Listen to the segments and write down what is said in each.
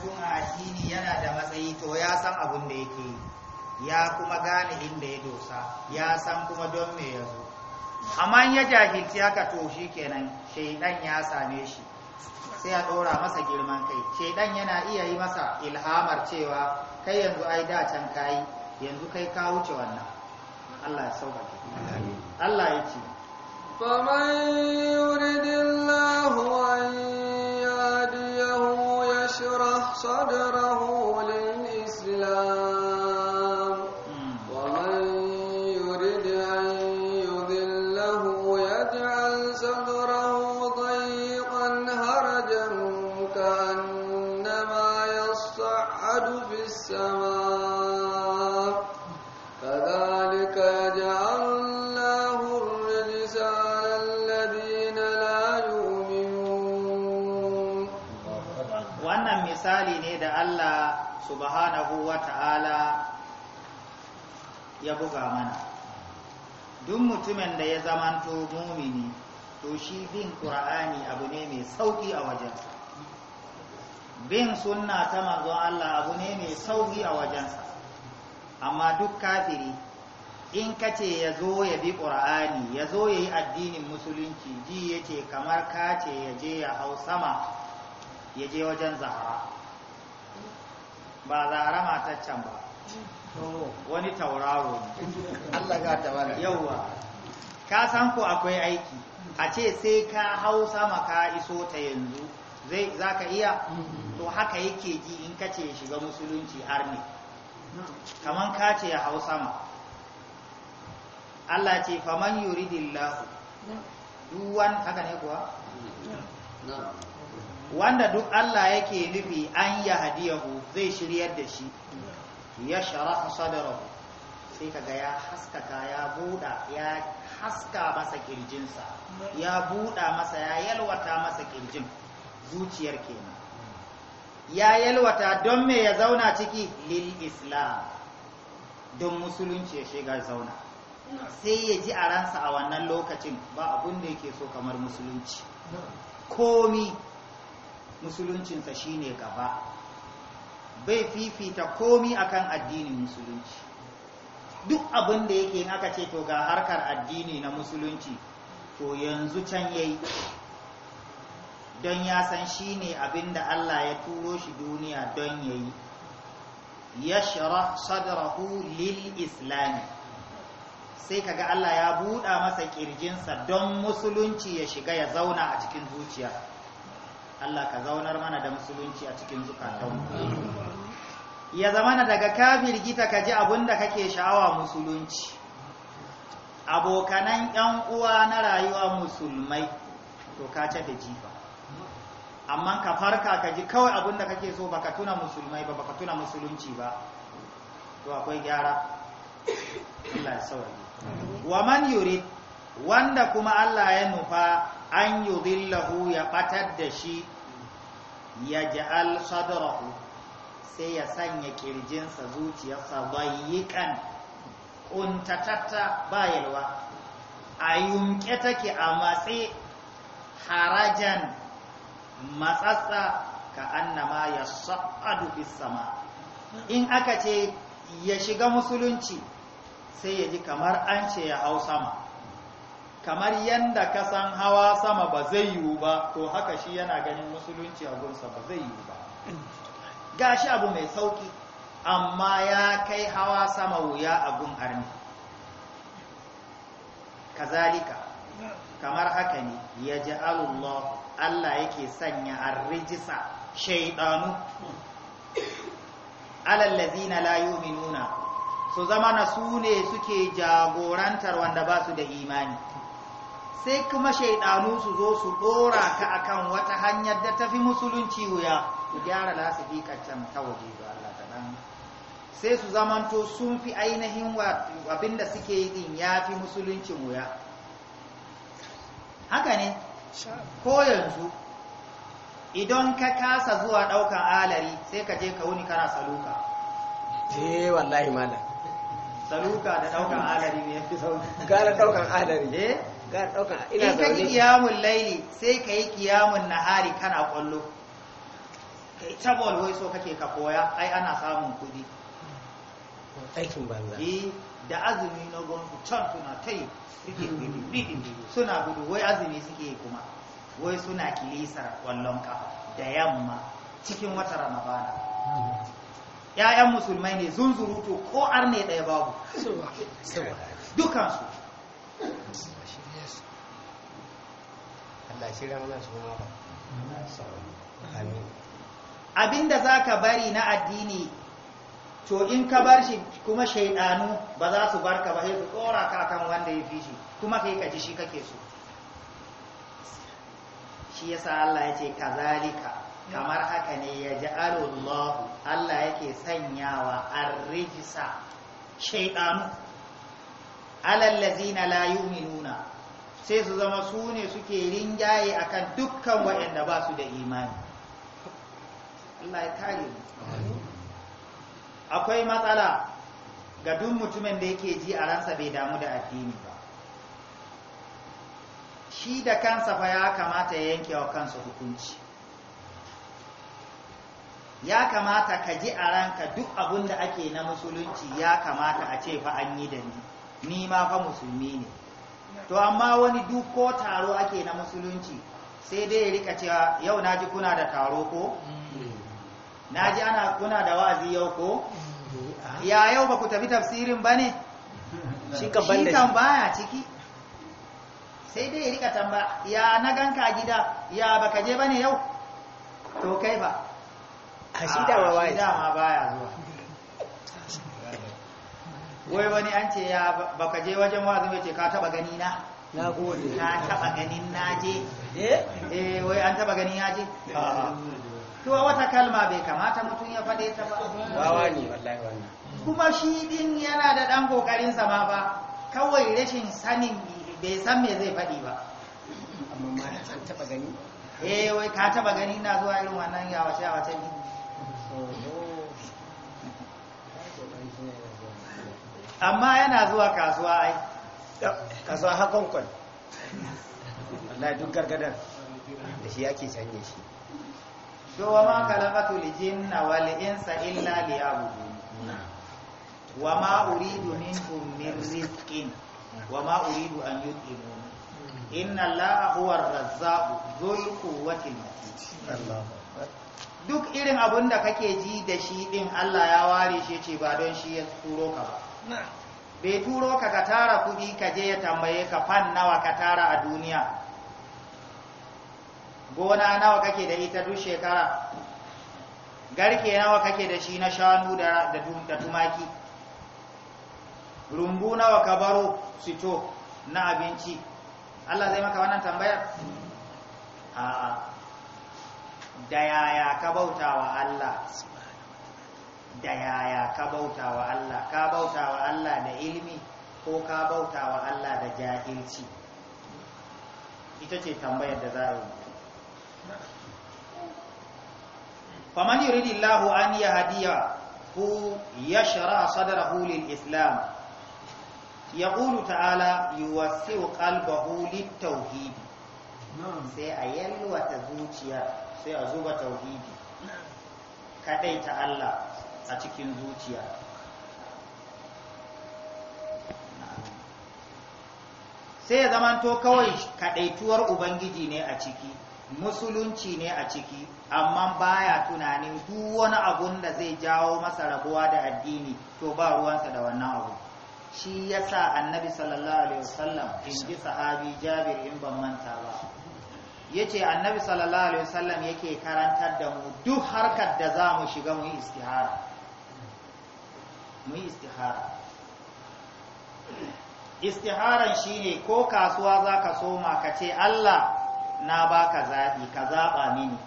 mutum addini yana da matsayi to ya san abin da yake ya kuma gane inda ya dosa ya san kuma don me ya zo amma ya jahilci haka to shi kenan shaidan ya same shi sai ya ɗora masa girman kai shaidan yana iya yi masa ilhamar cewa kai yanzu ai da can kayi yanzu kai ka wuce wannan Allah ya sauƙaƙe Allah ya ce فمن يرد الله أن يهديه يشرح صدره للإسلام ta'ala ya buga mana duk mutumin da ya zamanto mumini to shi bin ƙura'ani abu ne mai sauƙi a wajensa bin sunna ta manzon Allah abu ne mai sauƙi a wajensa amma duk kafiri in ka ce ya zo ya bi ƙura'ani ya zo ya yi addinin musulunci ji ya ce kamar ka ce ya je ya hau sama ya je wajen zahara ba ta can ba wani tauraro Allah ga tabara yauwa ka san ko akwai aiki a ce sai ka hau sama ka iso ta yanzu zai za ka iya to haka yake ji in ka ce shiga musulunci har ne? Kamar ka ce ya hau sama Allah ce faman yuridillahu duk wani haka ne kuwa wanda duk Allah yake nufi an ya hadiyahu zai shiryar da shi ya a sadarahu sai kaga ya haskaka ya buda ya haska masa kirjinsa ya buda masa ya yalwata masa kirjin zuciyar kenan ya yalwata don me ya zauna ciki lil islam don musulunci ya shiga zauna sai ya ji a ransa a wannan lokacin ba abun da yake so kamar musulunci komi musuluncinsa shine gaba bai fifita komi a kan addinin musulunci duk abin da yake aka ce to ga harkar addini na musulunci to yanzu can yayi don ya san shine abin da Allah ya turo shi duniya don yayi yashrah sadrahu lil islam sai kaga Allah ya buɗa masa ƙirjinsa don musulunci ya shiga ya zauna a cikin zuciya Allah ka zaunar mana da musulunci a cikin zukatanmu ya zamana daga kafir gita ka ji da kake sha'awa musulunci abokanan yan uwa na rayuwa musulmai to ka ce da jifa amma ka farka ka ji kawai abinda kake so baka tuna musulmai ba baka tuna musulunci ba to akwai gyara Allah ya saurari wa man yurid wanda kuma Allah ya nufa an yi zillahu ya batar da shi ya al-sadarahu sai ya sanya kirjinsa zuciyarsa bayyikan kuntatatta bayarwa a yunke take a matse harajan matsatsa ka annama ya sa'adu sama in aka ce ya shiga musulunci sai ya ji kamar an ce ya hau sama kamar yanda ka san hawa sama ba zai yiwu ba to haka shi yana ganin musulunci a gunsa ba zai yiwu ba gashi abu mai sauki amma ya kai hawa sama wuya a gun arni kazalika kamar haka ne ya ji Allah yake sanya rijisa shaidanu alallazina la nuna. su zama na su ne suke jagorantar wanda ba su da imani sai kuma shaidanu su zo su dora ka akan wata hanyar da tafi musulunci wuya ku gyara lasifi can ta waje ga Allah ta dan sai su zamanto sun fi ainihin abinda suke yi din fi musulunci wuya haka ne ko yanzu idan ka kasa zuwa daukan alari sai ka je ka wuni kana saluka eh wallahi malam saluka da daukan alari ne yafi sauki gara daukan alari eh in ka yi kiyamun laili sai ka yi kiyamun nahari kana kwallo kai ta bol wai so kake ka koya ai ana samun kudi aikin banza eh da azumi na gwamnati can suna ta yi suna gudu wai azumi suke kuma wai suna kilisar kwallon kafa da yamma cikin wata ramadana ‘ya'yan musulmai ne zunzuruto ko arne ɗaya babu dukansu da shi ranar suna ba amin abinda zaka bari na addini to in ka bar shi kuma shaidanu ba za su bar ka ba sai su tsora ka kan wanda ya fi shi kuma kai ka ji shi kake so shi ya sa Allah ya ce kazalika kamar haka ne ya ji Allah Allah yake sanyawa rijisa shaidanu alallazina la nuna. sai su zama su ne suke rinjaye akan dukkan waɗanda ba su da imani Allah ya kare mu akwai matsala ga duk mutumin da yake ji a ransa bai damu da addini ba shi da kansa fa ya kamata ya yanke wa kansa hukunci ya kamata ka ji a ranka duk abin da ake na musulunci ya kamata a ce fa an yi da ni ni ma fa musulmi ne to amma wani duk ko taro ake na musulunci sai dai rika cewa yau naji kuna da taro ko naji ana kuna da wazi yau ko ya yau ba ku tafi tafsirin ba ne shi kan baya ciki sai dai rika tamba ya na ganka a gida ya baka je ba ne yau to kai ba a shi dama baya zuwa wai wani an ce ya baka je wajen wa mai ce ka taba gani na na gode na taba ganin na je eh, eh wai an taba ganin ya je to wata kalma bai kamata mutum ya faɗe ta ba wawa ne wallahi wannan kuma shi din yana da dan kokarin sa ma ba kawai rashin sanin bai san me zai faɗi ba amma ma an taba gani eh wai ka taba gani na zuwa irin wannan yawace yawace ne amma yana zuwa kasuwa ai kasuwa hakonkon wallahi duk gargadar da shi ake canye shi to wa ma kalabatu lijinna wal insa illa liya'budu wa ma uridu minkum min rizqin wa ma uridu an yut'imun inna allaha huwa ar-razzaqu dhul quwwati duk irin abun da kake ji da shi din Allah ya ware shi ce ba don shi ya turo ka ba bai turo ka ka tara kudi ka je ya tambaye ka fan nawa ka tara a duniya gona nawa kake da ita duk shekara garke nawa kake da shi na shanu da tumaki rumbu nawa ka baro sito na abinci Allah zai maka wannan tambayar a da yaya ka bautawa Allah da yaya ka bauta wa Allah ka bauta wa Allah da ilimi ko ka bauta wa Allah da jahilci ita ce tambayar da za a yi faman yuridillahu an yahdiyahu yashra sadrahu lil-islam yaqulu ta'ala yuwassi'u qalbahu lit tauhidi. sai a yalwata zuciya sai a zuba tauhidi kaɗai ta Allah a cikin zuciya sai ya zamanto kawai kadaituwar ubangiji ne a ciki musulunci ne a ciki amma baya tunanin duk wani abun da zai jawo masa rabuwa da addini to ba ruwansa da wannan abu shi yasa annabi sallallahu alaihi wasallam in sahabi jabir in ban manta ba yace annabi sallallahu alaihi wasallam yake karantar da mu duk harkar da za mu shiga mu istihara mu yi istihara istiharan ne ko kasuwa za ka soma ka ce Allah na baka zaɓi ka zaɓa mini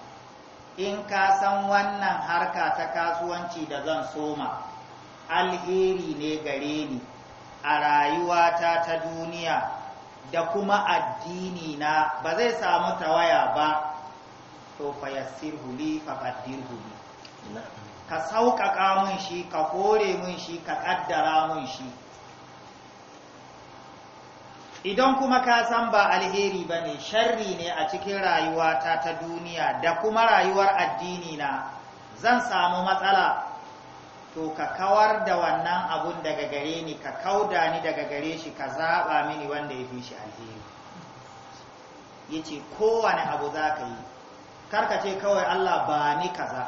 in ka san wannan harka ta kasuwanci da zan soma alheri ne gare ni a rayuwata ta duniya da kuma addini na ba zai samu tawaya ba to fayassir huli faƙaddir huli ka sauƙaƙa mun shi ka kore mun shi ka ƙaddara mun shi idan kuma ka san ba alheri ba ne sharri ne a cikin rayuwata ta duniya da kuma rayuwar addini na zan samu matsala to ka kawar da wannan abun daga gare ni ka kauda ni daga gare shi ka zaɓa mini wanda ya fi shi alheri ya ce kowane abu za ka yi karka ce kawai allah ba ni kaza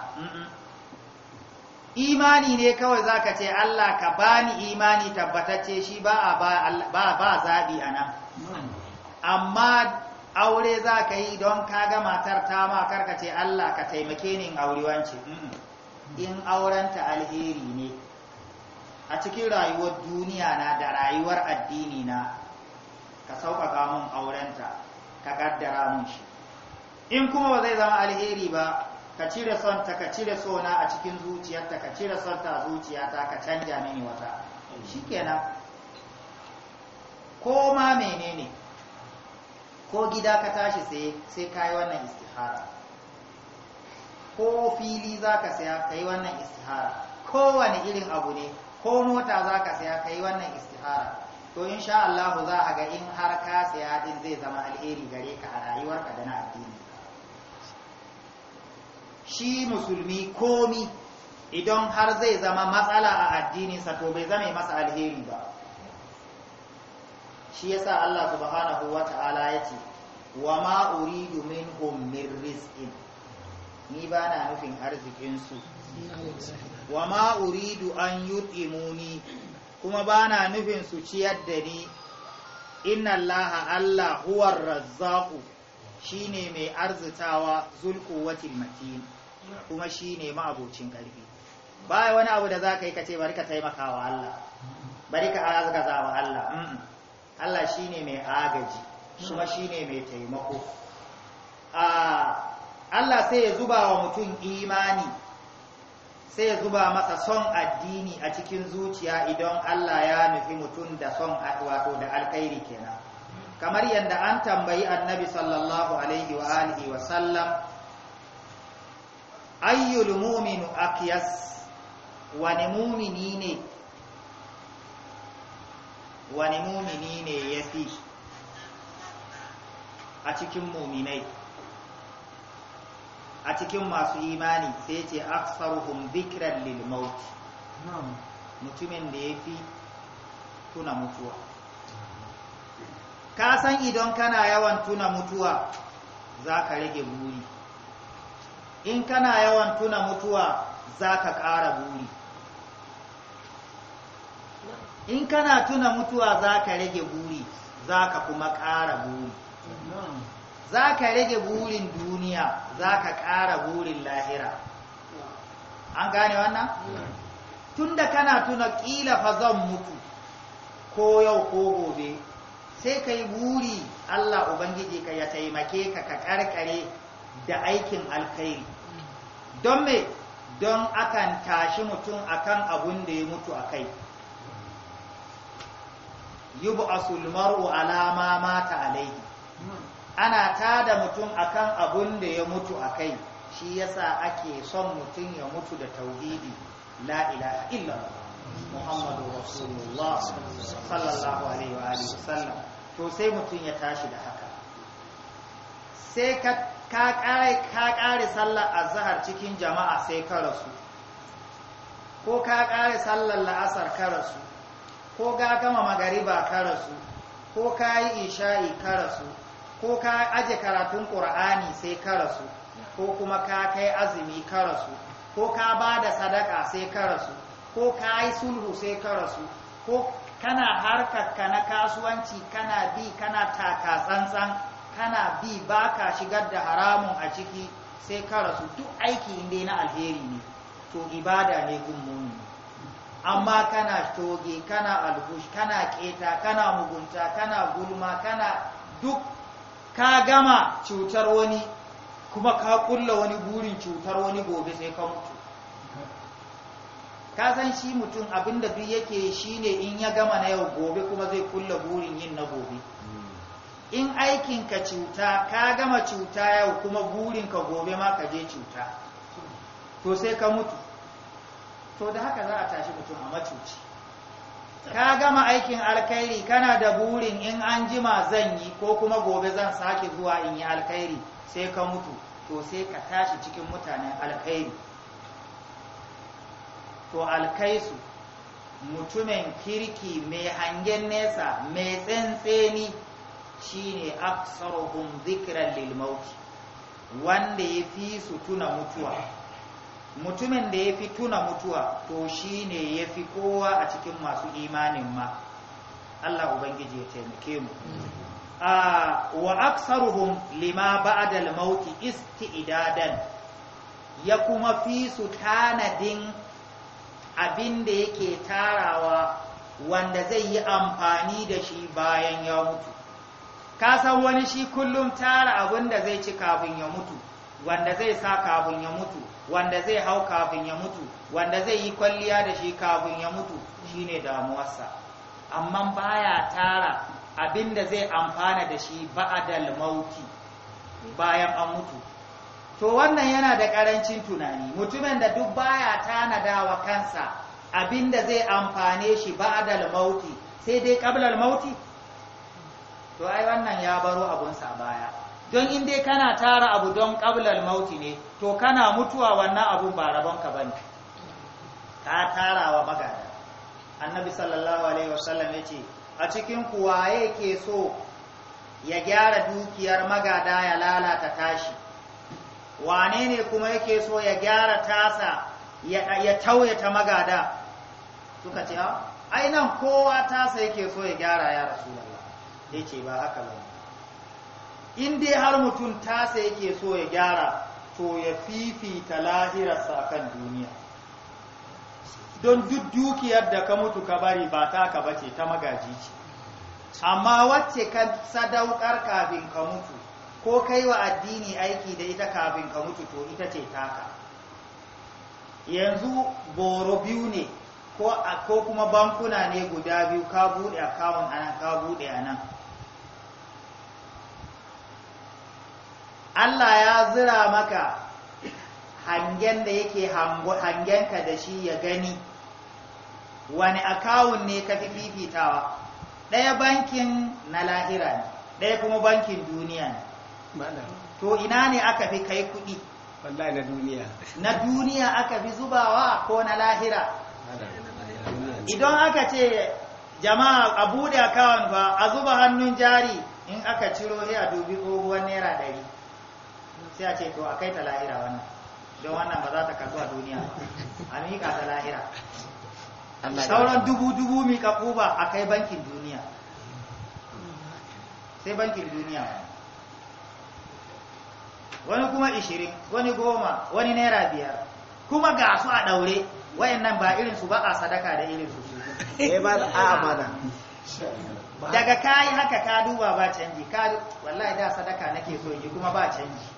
imani ne kawai zaka ce Allah ka bani imani tabbatacce shi ba a ba ba a nan amma aure za ka yi don ka ga matar ta ma karka ce Allah ka taimake ni in in aurenta alheri ne a cikin rayuwar duniya na da rayuwar addini na ka sauƙaƙa mun aurenta ka ƙaddara mun shi in kuma ba zai zama alheri ba ka cire son ta ka cire sona a cikin zuciyarta ka cire son ta a zuciyata ka canja mini wata shikenan ko ma menene ko gida ka tashi sai sai yi wannan istihara ko fili za ka saya yi wannan istihara Ko kowane irin abu ne ko mota za ka saya yi wannan istihara to insha Allah za a ga in har ka saya din zai zama alheri gare ka a rayuwarka da na addini shi musulmi komi idan har zai zama matsala a addininsa to bai zama masa alheri ba shi yasa Allah subhanahu Ta'ala ya ce wa ma uridu minhum min rizqin ni ba na nufin arzikinsu wa ma uridu an yut'imuni kuma ba na nufin su ciyar da ni inna Laha allah huwar razzaqu shine mai arzitawa zulquwatil matin kuma shine ma'abocin karfi ba wani abu da zaka yi kace bari ka taimaka wa Allah bari ka za wa Allah Allah shine mai agaji kuma shine mai taimako a Allah sai ya zuba wa mutum imani sai ya zuba masa son addini a cikin zuciya idan Allah ya nufi mutum da son wato da alkhairi kenan kamar yadda an tambayi annabi sallallahu alaihi wa alihi wa sallam ayyul mu'minu aqyas wani mu'mini ne wani mu'mini ne yafi a cikin mu'minai a cikin masu imani sai ce aksaruhum dhikran lil maut mutumin da yafi tuna mutuwa ka san idan kana yawan tuna mutuwa za ka rage buri in kana yawan tuna mutuwa za ka ƙara buri in kana tuna mutuwa za ka rage buri za ka kuma ƙara buri za ka rage burin duniya za ka ƙara burin lahira an gane wannan Tunda kana tuna ƙila fa zan mutu ko yau ko gobe sai ka yi buri Allah Ubangiji ka ya taimake ka ka karkare da aikin alkhairi don me don akan tashi mutum akan abun da ya mutu a kai yubu asulmaru alama mata alaihi ana tada mutum akan abun da ya mutu a kai shi yasa ake son mutum ya mutu da tauhidi la ilaha illallah muhammadu rasulullah sallallahu alaihi wa sallam to sai mutum ya tashi da haka sai ka ƙare sallar zahar cikin jama'a sai ka rasu ko ka ƙare sallar la'asar ka rasu ko ga gama magariba ka rasu ko ka yi isha'i ka rasu ko ka aje karatun ƙur'ani sai ka rasu ko kuma ka kai azumi ka rasu ko ka ba da sadaka sai ka rasu ko ka yi sulhu sai ka rasu ko kana harkarka na kasuwanci kana bi kana taka tsantsan kana bi baka shigar da haramun a ciki sai ka rasu duk aiki inda na alheri ne to ibada ne gummuni amma kana toge kana alhush kana keta kana mugunta kana gulma kana duk ka gama cutar wani kuma ka kulla wani burin cutar wani gobe sai ka mutu ka san shi mutum abinda duk yake shi ne in ya gama na yau gobe kuma zai kulla burin yin na gobe in aikin ka cuta ka gama cuta yau kuma burin ka gobe ma ka je cuta to sai ka mutu to da haka za a tashi mutum a macuci ka gama aikin alkhairi kana da burin in an jima zan yi ko kuma gobe zan sake zuwa in yi alkhairi sai ka mutu to sai ka tashi cikin mutanen alkhairi to alkaisu mutumin kirki mai hangen nesa mai tsantseni shine aksaruhum zikran lil mauti wanda ya fi su tuna mutuwa mutumin da ya fi tuna mutuwa to shine ya fi kowa a cikin masu imanin ma Allah ubangiji ya taimake mu wa aksaruhum lima ba'da al isti idadan ya kuma fi su tanadin abin da yake tarawa wanda zai yi amfani da shi bayan ya mutu ka san wani shi kullum tara abin da zai ci kafin ya mutu wanda zai sa kafin ya mutu wanda zai hau kafin ya mutu wanda zai yi kwalliya da shi kafin ya mutu shine damuwarsa amma baya tara abin da zai amfana da shi ba'adal mauti bayan an mutu to wannan yana da ƙarancin tunani mutumin da duk baya tanadawa kansa abinda zai amfane shi ba'dal mauti sai dai qablal mauti to ai wannan ya baro abun sa baya don in dai kana tara abu don qablal mauti ne to kana mutuwa wannan abun ba rabon ka bane ka tarawa magana annabi sallallahu alaihi wasallam yace a cikin kuwa yake so ya gyara dukiyar magada ya lalata tashi wane ne kuma yake so ya gyara tasa ya tauye ta magada suka ce ah, ai nan kowa tasa yake so ya gyara ya rasulullah ya ce ba haka ba in dai har mutum tasa yake so ya gyara to ya fifita lahirarsa a kan duniya don duk dukiyar da ka mutu ka bari ba ta ka bace ta magaji ce amma wacce ka sadaukar kafin ka mutu ko kai wa addini aiki da ita kafin ka mutu to ita ce taka yanzu boro biyu ne ko kuma bankuna ne guda biyu ka bude akawun anan ka bude anan Allah ya zira maka hangen da yake hangenka da shi ya gani wani akawun ne ka fi fifitawa ɗaya bankin na lahira ne ɗaya kuma bankin duniya ne to ina ne aka fi kai kuɗi wallahi na duniya na duniya aka fi zubawa ko na lahira idan aka ce jama'a a bude akawun ba a zuba hannun jari in aka ciro ya dubi tsohuwar naira ɗari sai a ce to a kai ta lahira wannan don wannan ba za ta kasu a duniya ba a miƙa ta lahira sauran dubu-dubu miƙa ba a kai bankin duniya sai bankin duniya wani kuma ishirin wani goma wani naira biyar kuma ga su a ɗaure wayannan ba irinsu ba a sadaka da irinsu su eh, ba a amana daga kayi haka ka duba ba canji ka wallahi da sadaka nake so yi kuma ba canji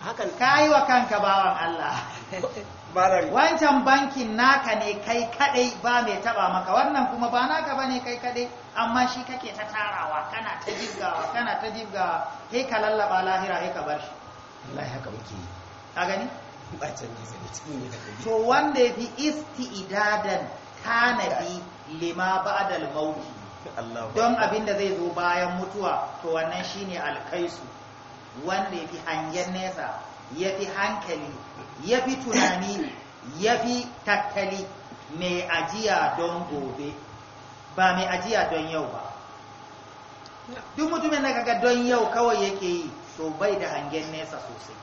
Ka kayi wa kanka bawan Allah wancan bankin naka ne kai kadai ba mai taba maka wannan kuma ba naka ne kai kadai amma shi kake ta tarawa kana ta jibgawa kana ta jibgawa he ka lallaba lahira he ka bar shi wallahi haka muke ka gani ba can ne sai ne to wanda yafi isti'dadan tanadi lima ba'dal maut don abin da zai zo bayan mutuwa to wannan shine alkaisu wanda fi hangen nesa ya fi hankali ya fi tunani ya fi tattali mai ajiya don gobe ba mai ajiya don yau ba duk mutumin da kaga don yau kawai yake yi so bai da hangen nesa sosai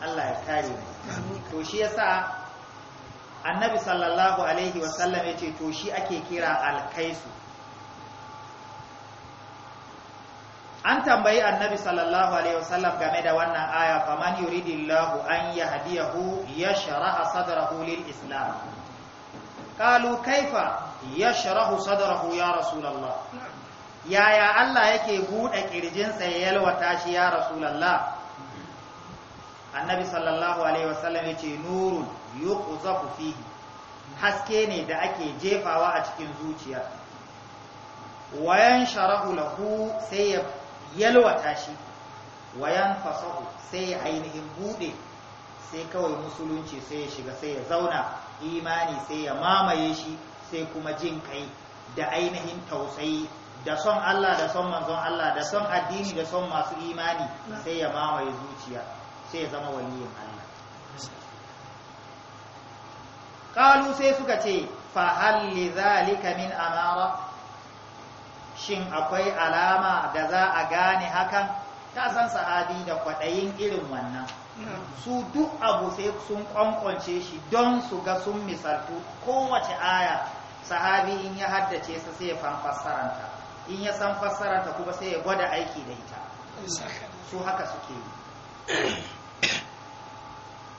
Allah ya kare mu to shi yasa annabi sallallahu alaihi wasallam ce to shi ake kira alkaisu an tambayi annabi sallallahu alaihi wasallam game da wannan aya faman yuridillahu an yahdiyahu yashraha sadrahu lil islam qalu kaifa yashrahu sadrahu ya rasulullah yaya Allah yake bude kirjinsa ya yalwata shi ya rasulullah annabi sallallahu alaihi wasallam yace nurun yuqzafu fihi haske ne da ake jefawa a cikin zuciya wayan sharahu lahu sai ya yalwata shi wayan fasahu sai ya ainihin bude sai kawai musulunci sai ya shiga sai ya zauna imani sai ya mamaye shi sai kuma jin kai da ainihin tausayi da son Allah da son manzon Allah da son addini da son masu imani sai ya mamaye zuciya sai ya zama waliyin Allah kalu sai suka ce fa hal li zalika min amara shin akwai alama da za a gane hakan ta san sahabi da kwaɗayin irin wannan su duk abu sai sun ƙwanƙwance shi don su ga sun misaltu kowace aya sahabi in ya haddace su sai ya in ya san fassaranta kuma sai ya gwada aiki da ita su haka suke yi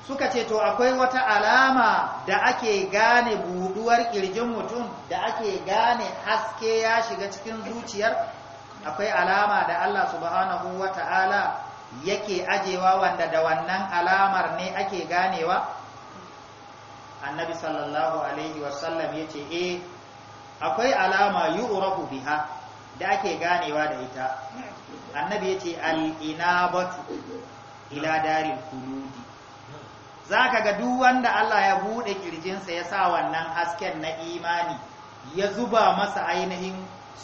suka ce to akwai wata alama da ake gane buduwar kirjin mutum da ake gane haske ya shiga cikin zuciyar akwai alama da Allah subhanahu wata'ala yake ajewa wanda da wannan alamar ne ake ganewa annabi sallallahu alaihi wasallam ya ce e, akwai alama yu'rafu biha da ake ganewa da ita annabi ya ce al'ina batu, ila darin kuludi za ka ga duk wanda Allah ya buɗe ƙirjinsa ya sa wannan hasken na imani ya zuba masa ainihin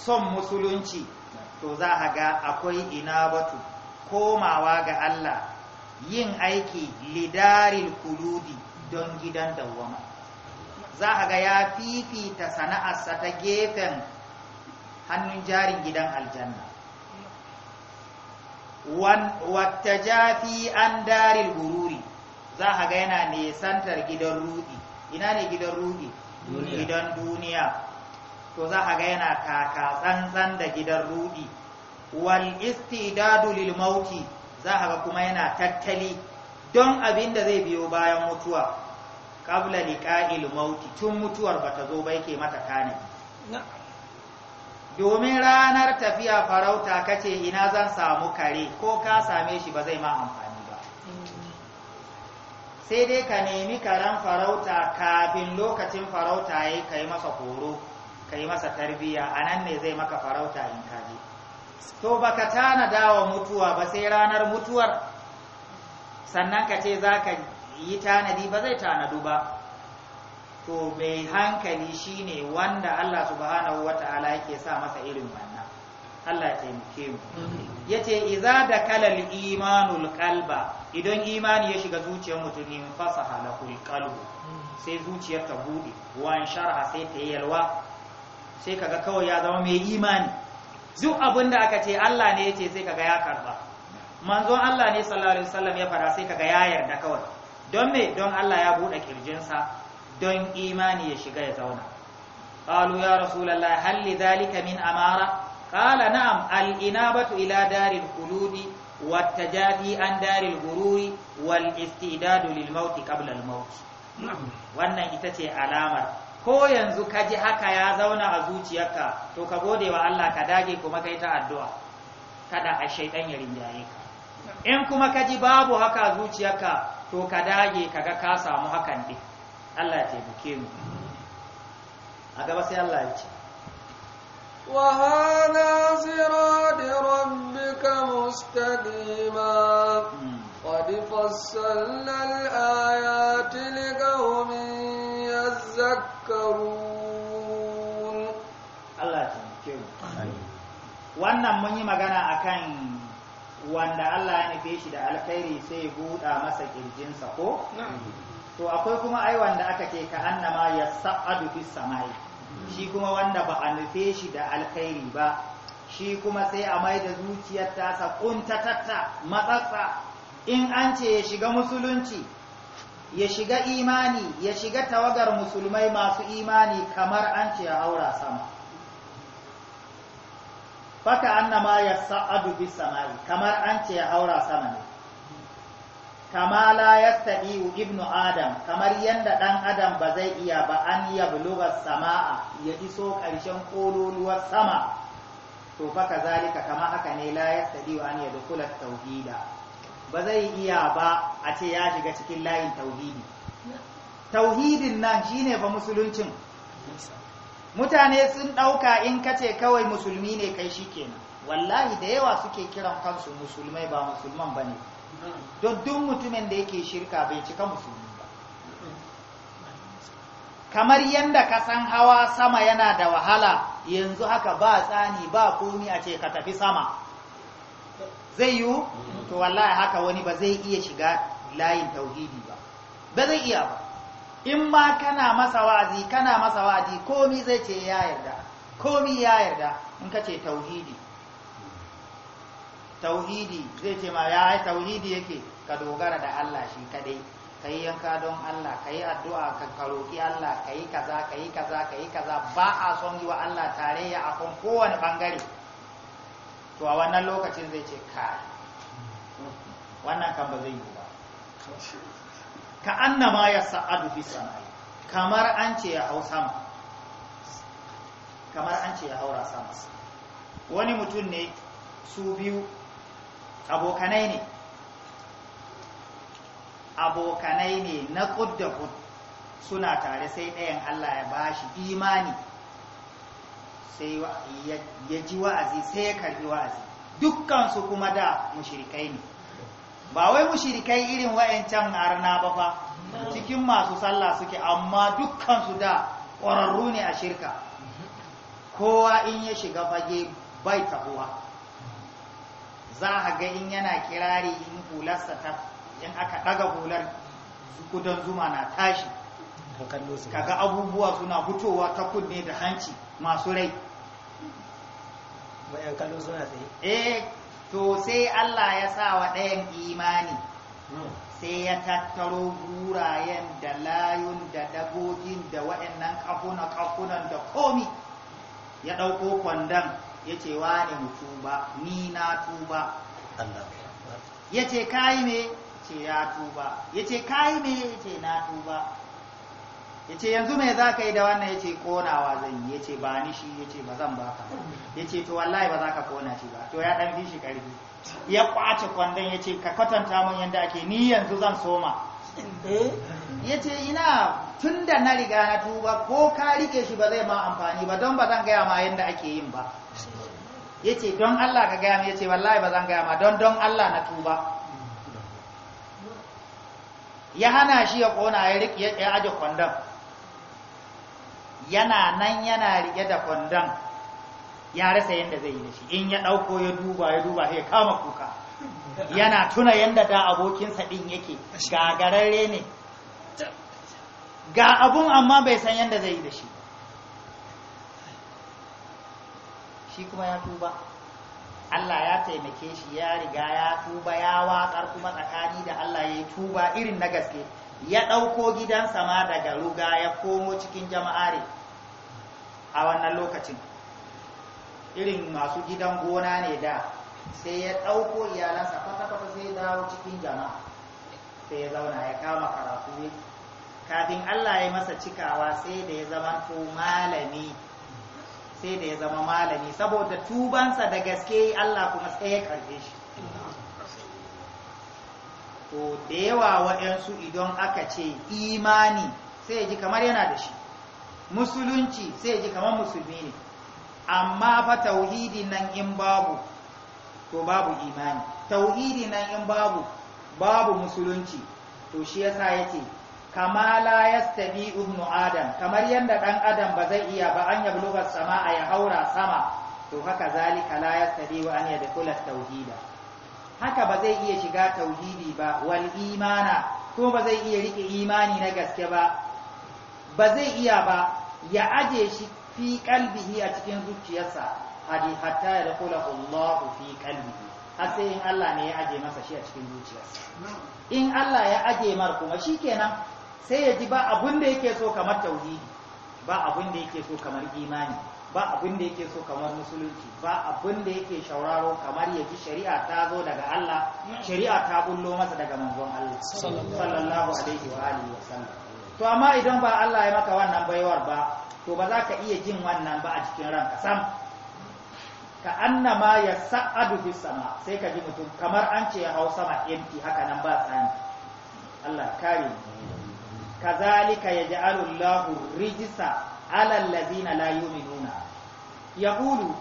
son musulunci to za a ga akwai ina batu komawa ga Allah yin aiki lidaril kuludi don gidan dawama za a ga ya fifita sana'arsa ta gefen hannun jarin gidan aljanna wata jafi an daril gururi za a ga yana nisantar gidan rudi ina ne gidan rudi gidan duniya to za a ga yana kaka tsantsan da gidan rudi wal istidadu lil mauti za a ga kuma yana tattali don abin da zai biyo bayan mutuwa qabla liqa'il mauti tun mutuwar bata zo ba yake mata kane domin ranar tafiya farauta kace ina zan samu kare ko ka same shi ba zai ma amfani sai dai ka nemi karen farauta kafin lokacin farauta ya yi ka yi masa horo ka yi masa tarbiya a nan ne zai maka farauta in kaji to ba ka tana dawa mutuwa ba sai ranar mutuwar sannan ka ce za ka yi tanadi ba zai tanadu ba to mai hankali shine wanda allah subhanahu wata'ala yake sa masa irin wannan Allah ya taimake mu yace idza dakala al-imanul qalba idan imani ya shiga zuciyar mutum in fasaha lahul qalbu sai zuciyar ta bude wa sharha sai ta yalwa sai kaga kawai ya zama mai imani zu abinda aka ce Allah ne yace sai kaga ya karba Manzo Allah ne sallallahu alaihi wasallam ya fara sai kaga ya yarda kawai don me don Allah ya bude kirjinsa don imani ya shiga ya zauna قالوا يا رسول الله هل لذلك من أمارة kala na'am al-inabatu ila daril an والتجافي عن دار الغرور والاستعداد للموت قبل الموت wannan ita ce alamar ko yanzu ka ji haka ya zauna a zuciyarka to ka gode wa Allah ka dage kuma kai ta addu'a kada a shaidan ya rinjaye ka in kuma ka ji babu haka zuciyarka to ka dage kaga ka samu hakan din Allah ya taimake mu a gaba sai Allah ya ce وهذا صراط ربك مستقيما قد فصلنا الآيات لقوم يذكرون الله تنكيو wannan mun yi magana akan wanda Allah ya nufe shi da alkhairi sai ya buɗa masa sa ko to akwai kuma ai wanda aka ce ka annama ya sa'adu samai shi kuma wanda ba a nufe shi da alkhairi ba shi kuma sai a mai da zuciyar tasa kuntatatta matsatsa in an ce ya shiga musulunci ya shiga imani ya shiga tawagar musulmai masu imani kamar an ce ya haura sama faka annama ya sa'adu bis sama'i kamar an ce ya haura sama ne kama la yastadiu ibnu adam kamar yadda ɗan adam ba zai iya ba an buluga sama'a ya iso karshen kololuwar sama to fa kazalika kama haka ne la wa an dukula tauhida ba zai iya ba a ce ya shiga cikin layin tauhidi tauhidin nan shine fa musuluncin mutane sun ɗauka in kace kawai musulmi ne kai shikenan wallahi da yawa suke kiran kansu musulmai ba musulman bane don duk mutumin da yake shirka bai cika musulmi ba kamar yadda ka san hawa sama yana da wahala yanzu haka ba tsani ba komi a ce ka tafi sama zai yiwu to wallahi haka wani ba zai iya shiga layin tauhidi ba ba zai iya ba in ma kana masa wa'azi kana masa wa'azi komi zai ce ya yarda komi ya yarda in ka ce tauhidi tauhidi zai ce ma ya yi tauhidi yake ka dogara da Allah shi kadai ka yi yanka don Allah ka yi addu'a ka karoki Allah ka yi kaza ka yi kaza ka yi kaza ba a son yi wa Allah tarayya a kan kowane bangare to a wannan lokacin zai ce ka wannan kan ba zai yi ba ka annama ya sa'adu fi sana'i kamar an ce ya hau sama kamar an ce ya haura sama wani mutum ne su biyu abokanai ne abokanai ne na ƙudda suna tare sai ɗayan Allah ya bashi imani sai ya ji wa'azi sai ya karbi wa'azi dukkansu kuma da mushirikai ne ba wai mushirikai irin wa'yancan arna ba fa cikin masu sallah suke amma dukkansu da ƙwararru ne a shirka kowa in ya shiga fage bai tabuwa za a ga in yana kirari in hularsa ta in aka daga hular kudan zuma na tashi kaga abubuwa suna hutowa ta kunne da hanci masu rai bayan kallo suna tsaye eh, to sai Allah ya sa wa ɗayan imani hmm. sai ya tattaro gurayen da layun da dagogin da waɗannan kafuna kafunan da komi ya ɗauko kwandon yace wa mu tuba ni na tuba yace kai me ce ya tuba yace kai me yace na tuba yace yanzu me za ka yi da wannan yace konawa zan yi yace ba ni shi yace ba zan baka yace to wallahi ba za ka kona shi ba to ya dan fi shi karfi ya kwace kwandon yace ka kwatanta mun yanda ake ni yanzu zan soma eh? yace ina tun da na riga na tuba ko ka rike shi ba zai ma amfani ba don ba zan gaya ma yadda ake yin ba ya ce don Allah ka gaya ya ce wallahi ba zan gaya ma don don Allah na tuba ya hana shi ya kona ya rike ya aje kwandon yana nan yana rike da kwandon ya rasa yadda zai yi shi in ya ɗauko ya duba ya duba sai kama kuka yana tuna yadda da abokinsa ɗin yake gagararre ne ga abun amma bai san yadda zai yi da shi shi kuma ya tuba Allah ya taimake shi ya riga ya tuba ya waƙar kuma tsakani da Allah ya yi tuba irin na gaske ya ɗauko gidansa ma daga ruga ya komo cikin jama'are a wannan lokacin irin masu gidan gona ne da sai ya ɗauko iyalansa kwata-kwata sai ya dawo cikin jama'a sai ya zauna ya kama karatu kafin Allah ya masa cikawa sai da ya zama ko malami sai da ya zama malami saboda tubansa da gaske Allah kuma sai ya karfe shi to da yawa 'yansu idan aka ce imani sai ji kamar yana da shi musulunci sai ji kamar musulmi ne amma fa tauhidi nan in babu to babu imani tauhidi nan in babu babu musulunci to shi yasa yake kama la yastabi ibnu adam kamar yadda dan adam ba zai iya ba an sama a ya haura sama to haka zalika la yastabi wa an yadkhula tauhida haka ba zai iya shiga tauhidi ba wal imana ko ba zai iya rike imani na gaske ba ba zai iya ba ya aje shi fi kalbihi a cikin zuciyarsa hadi hatta ya dakula Allah fi kalbihi har in Allah ne ya aje masa shi a cikin zuciyarsa in Allah ya aje mar kuma kenan. sai ya ji ba abin da yake so kamar tauhidi ba abin da yake so kamar imani ba abin da yake so kamar musulunci ba abin da yake shauraro kamar ya ji shari'a ta zo daga Allah shari'a ta bullo masa daga manzon Allah sallallahu alaihi wa alihi wa to amma idan ba Allah ya maka wannan baiwar ba to ba za ka iya jin wannan ba a cikin ranka sam ka annama ya sa'adu fi sama sai ka ji mutum kamar an ce ya hau sama empty haka nan ba tsani Allah kare mu kazalika ya Allahu rijsa 'ala alladhina la yu'minuna yaqulu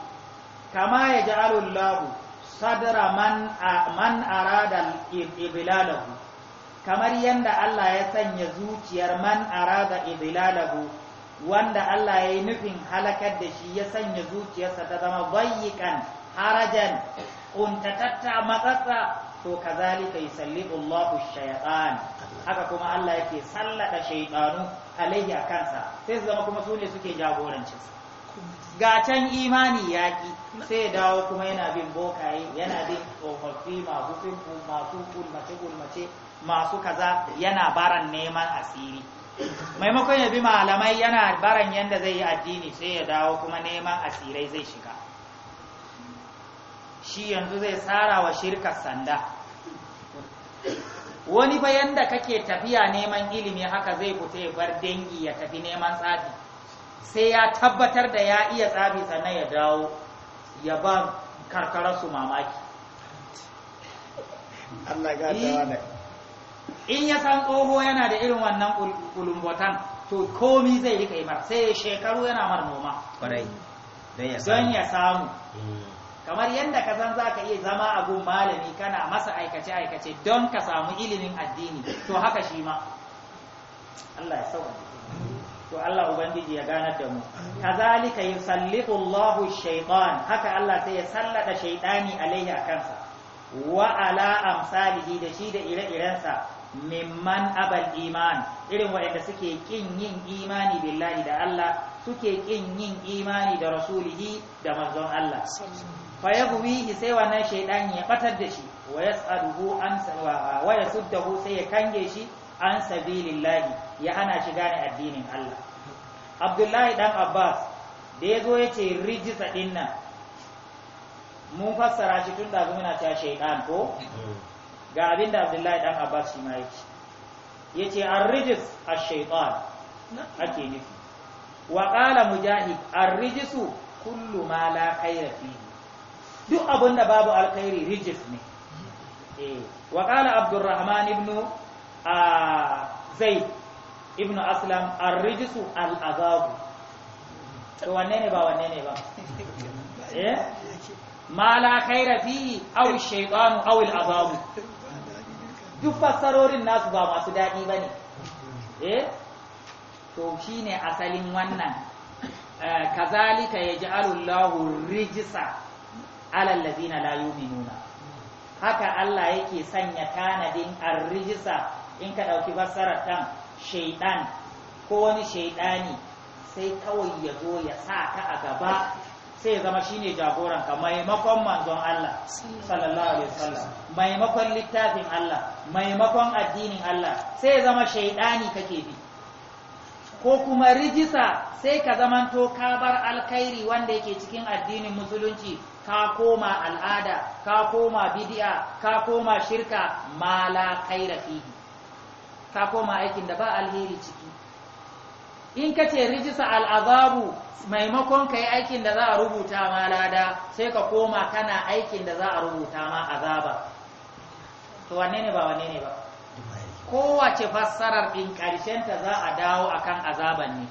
kama ya ja'alullahu sadra man man arada iblalahu kamar yanda Allah ya sanya zuciyar man arada iblalahu wanda Allah ya yi nufin halakar da shi ya sanya zuciyarsa ta zama bayyikan harajan kuntatatta matsatsa to kazalika yusallitu Allahu shaytan haka kuma Allah yake sallada shaytanu alaihi a sai su zama kuma sune suke jagorancin ga can imani yaki sai ya dawo kuma yana bin bokaye yana bin tsofaffi masu masu gulmace gulmace masu kaza yana baran neman asiri maimakon ya bi malamai yana baran yanda zai yi addini sai ya dawo kuma neman asirai zai shiga shi yanzu zai tsara wa shirkar sanda wani bayan da kake tafiya neman ilimi haka zai fita ya bar dangi ya tafi neman tsafi sai ya tabbatar da ya iya tsafi sannan ya dawo ya ba karkararsu mamaki in ya san tsoho yana da irin wannan kulumbotan to komi zai rika yi mara sai shekaru yana mar noma don ya samu mm. kamar yadda ka san zaka iya zama a gun malami kana masa aikace aikace don ka samu ilimin addini to haka shi ma Allah ya sauka to Allah ubangiji ya ganar da mu kazalika yusallitu Allahu shaiɗan, haka Allah sai ya sallada shaytani alaihi kansa. wa ala amsalihi da shi da ire-irensa mimman abal iman irin waɗanda suke ƙin yin imani billahi da Allah suke ƙin yin imani da rasulihi da manzon Allah fa yaghwihi sai wannan shaydan ya fatar da shi wa yas'aluhu an sawaha wa yasuddahu sai ya kange shi an sabilillahi ya ana shi gane addinin Allah Abdullahi dan Abbas da yazo yace rijisa dinnan mun fassara shi tun da muna cewa shaydan ko ga abin da Abdullahi dan Abbas shi ma yace yace ar-rijis ash-shaytan ake nufi wa qala mujahid ar-rijisu kullu ma la khayra fihi duk abin da babu alkhairi rijis ne eh, wa qala abdurrahman ibn zai ibn aslam arrijisu al'azabu. to wanne ne ba wanne ne ba eh ma la khaira fi aw shaytan aw al-azab duk fassarorin nasu ba masu dadi ba ne eh to shine asalin wannan eh, kazalika yaj'alullahu rijsa alal layu la yu'minuna haka Allah yake sanya tanadin arrijisa in ka ɗauki fassarar tan Shaiɗan, ko wani shaydani sai kawai ya zo ya sa ka a gaba sai ya zama shine jagoran ka maimakon manzon Allah sallallahu alaihi wasallam maimakon littafin Allah maimakon addinin Allah sai ya zama shaiɗani kake bi ko kuma rijista sai ka zamanto ka bar alkhairi wanda yake cikin addinin musulunci ka koma al'ada ka koma bid'a ka koma shirka mala kaira khaira fihi ka koma aikin da ba alheri ciki in ka ce rijista al'azabu maimakon ka yi aikin da za a rubuta ma lada sai ka koma kana aikin da za a rubuta ma azaba to wanne ne ba wanne ne ba kowace fassarar ɗin ƙarshenta za a dawo a kan azaban ne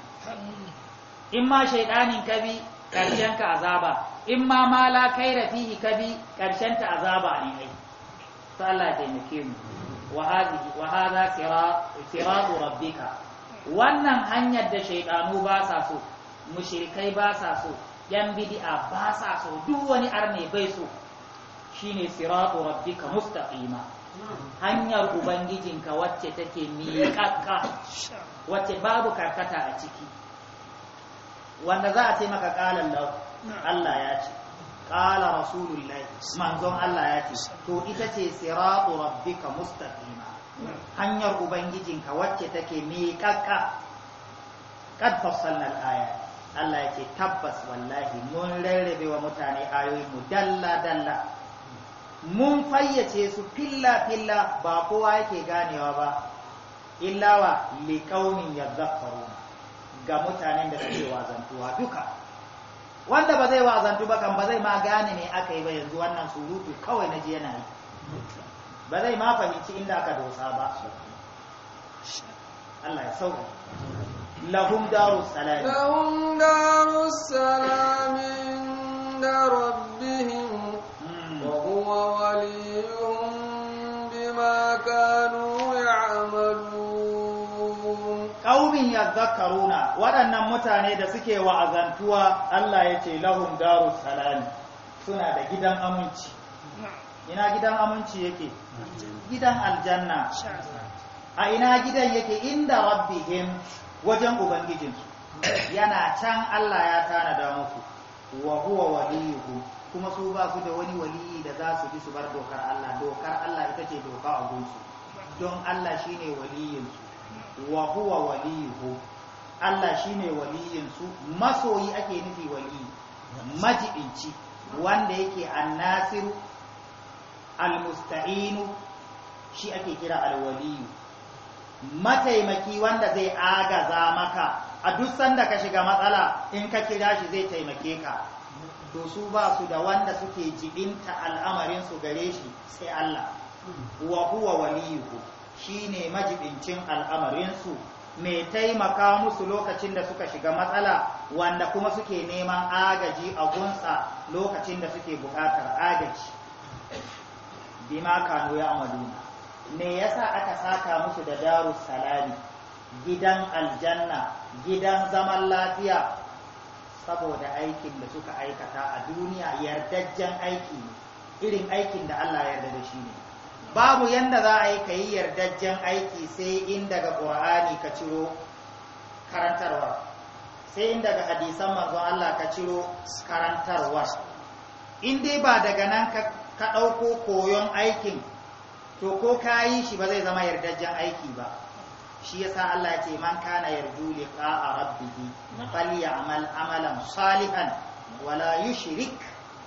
in ma shaiɗanin kabi ƙarshenka azaba in ma mala kaira fihi kabi ƙarshenta azaba ne ai to Allah taimake mu wa kira siratu rabbika wannan hanyar da shaiɗanu ba sa so mushrikai ba sa so yan bid'a ba sa so duk wani arne bai so shine siratu rabbika mustaqima hanyar ubangijinka wacce take miƙaƙƙa wacce babu karkata a ciki wanda za a ce maka ƙalan lau Allah ya ce ƙala rasulullahi manzon Allah ya ce to ita ce siratu rabbika mustaqima hanyar ubangijinka wacce take miƙaƙƙa kad sannan aya Allah ya ce tabbas wallahi mun rarrabe wa mutane ayoyin mu dalla dalla mun fayyace su filla filla ba kowa yake ganewa ba illawa liƙaunin zafaru ga mutanen da suke wazantuwa duka wanda ba zai wazantu ba kan ba zai ma gane me aka yi ba yanzu wannan surutu kawai na ji yana yi ba zai ma fahimci inda aka dosa ba Allah ya sauka lahum daru salam lahum daru salam da rabbi ووليهم بما كانوا يعملون قوم يذكرون waɗannan mutane da suke wa'azantuwa Allah ya ce lahum darus salam suna da gidan aminci ina gidan aminci yake gidan aljanna a ina gidan yake inda rabbihim wajen ubangijinsu yana can Allah ya tana tanada musu wa huwa waliyuhu kuma su ba su da wani wali da za su bi su bar dokar Allah dokar Allah ita ce doka a gunsu don Allah shi ne waliyinsu wa huwa waliyuhu Allah shi ne waliyinsu masoyi ake nufi waliyu, majibinci wanda yake annasiru almusta'inu shi ake kira alwaliyu mataimaki wanda zai agaza maka a duk sanda ka shiga matsala in ka kira shi zai taimake ka to su ba su da wanda suke jibinta al'amarin su gare shi sai Allah wa huwa waliyuhu shine majibincin al'amarin su mai taimaka musu lokacin da suka shiga matsala wanda kuma suke neman agaji a gunsa lokacin da suke buƙatar agaji bima kanu ya amaluna me yasa aka saka musu da darus salami gidan aljanna gidan zaman lafiya saboda aikin da suka aikata a duniya yardajjen aiki ne irin aikin da Allah ya yarda da shi ne babu yanda za a yi ka yi yardajjen aiki sai in daga ƙur'ani ka ciro karantarwa sai in daga hadisan manzon Allah ka ciro karantarwa in dai ba daga nan ka ɗauko koyon aikin to ko ka yi shi ba zai zama yardajjen aiki ba shi yasa Allah ya ce man kana yarju liqa'a rabbih ya'mal amalan salihan wala yushrik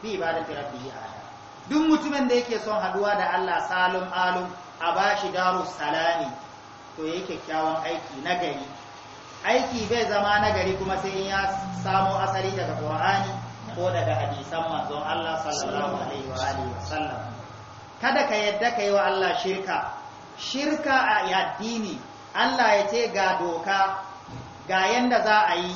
bi ibadati rabbih ahada duk mutumin da yake son haduwa da Allah salum alum a bashi daru salami to yayi kyakkyawan aiki na gari aiki bai zama na gari kuma sai in ya samo asali daga Qur'ani ko daga hadisan manzon Allah sallallahu alaihi wa alihi wasallam kada ka yadda kai wa Allah shirka shirka a addini Allah ya ce ga doka ga yanda za a yi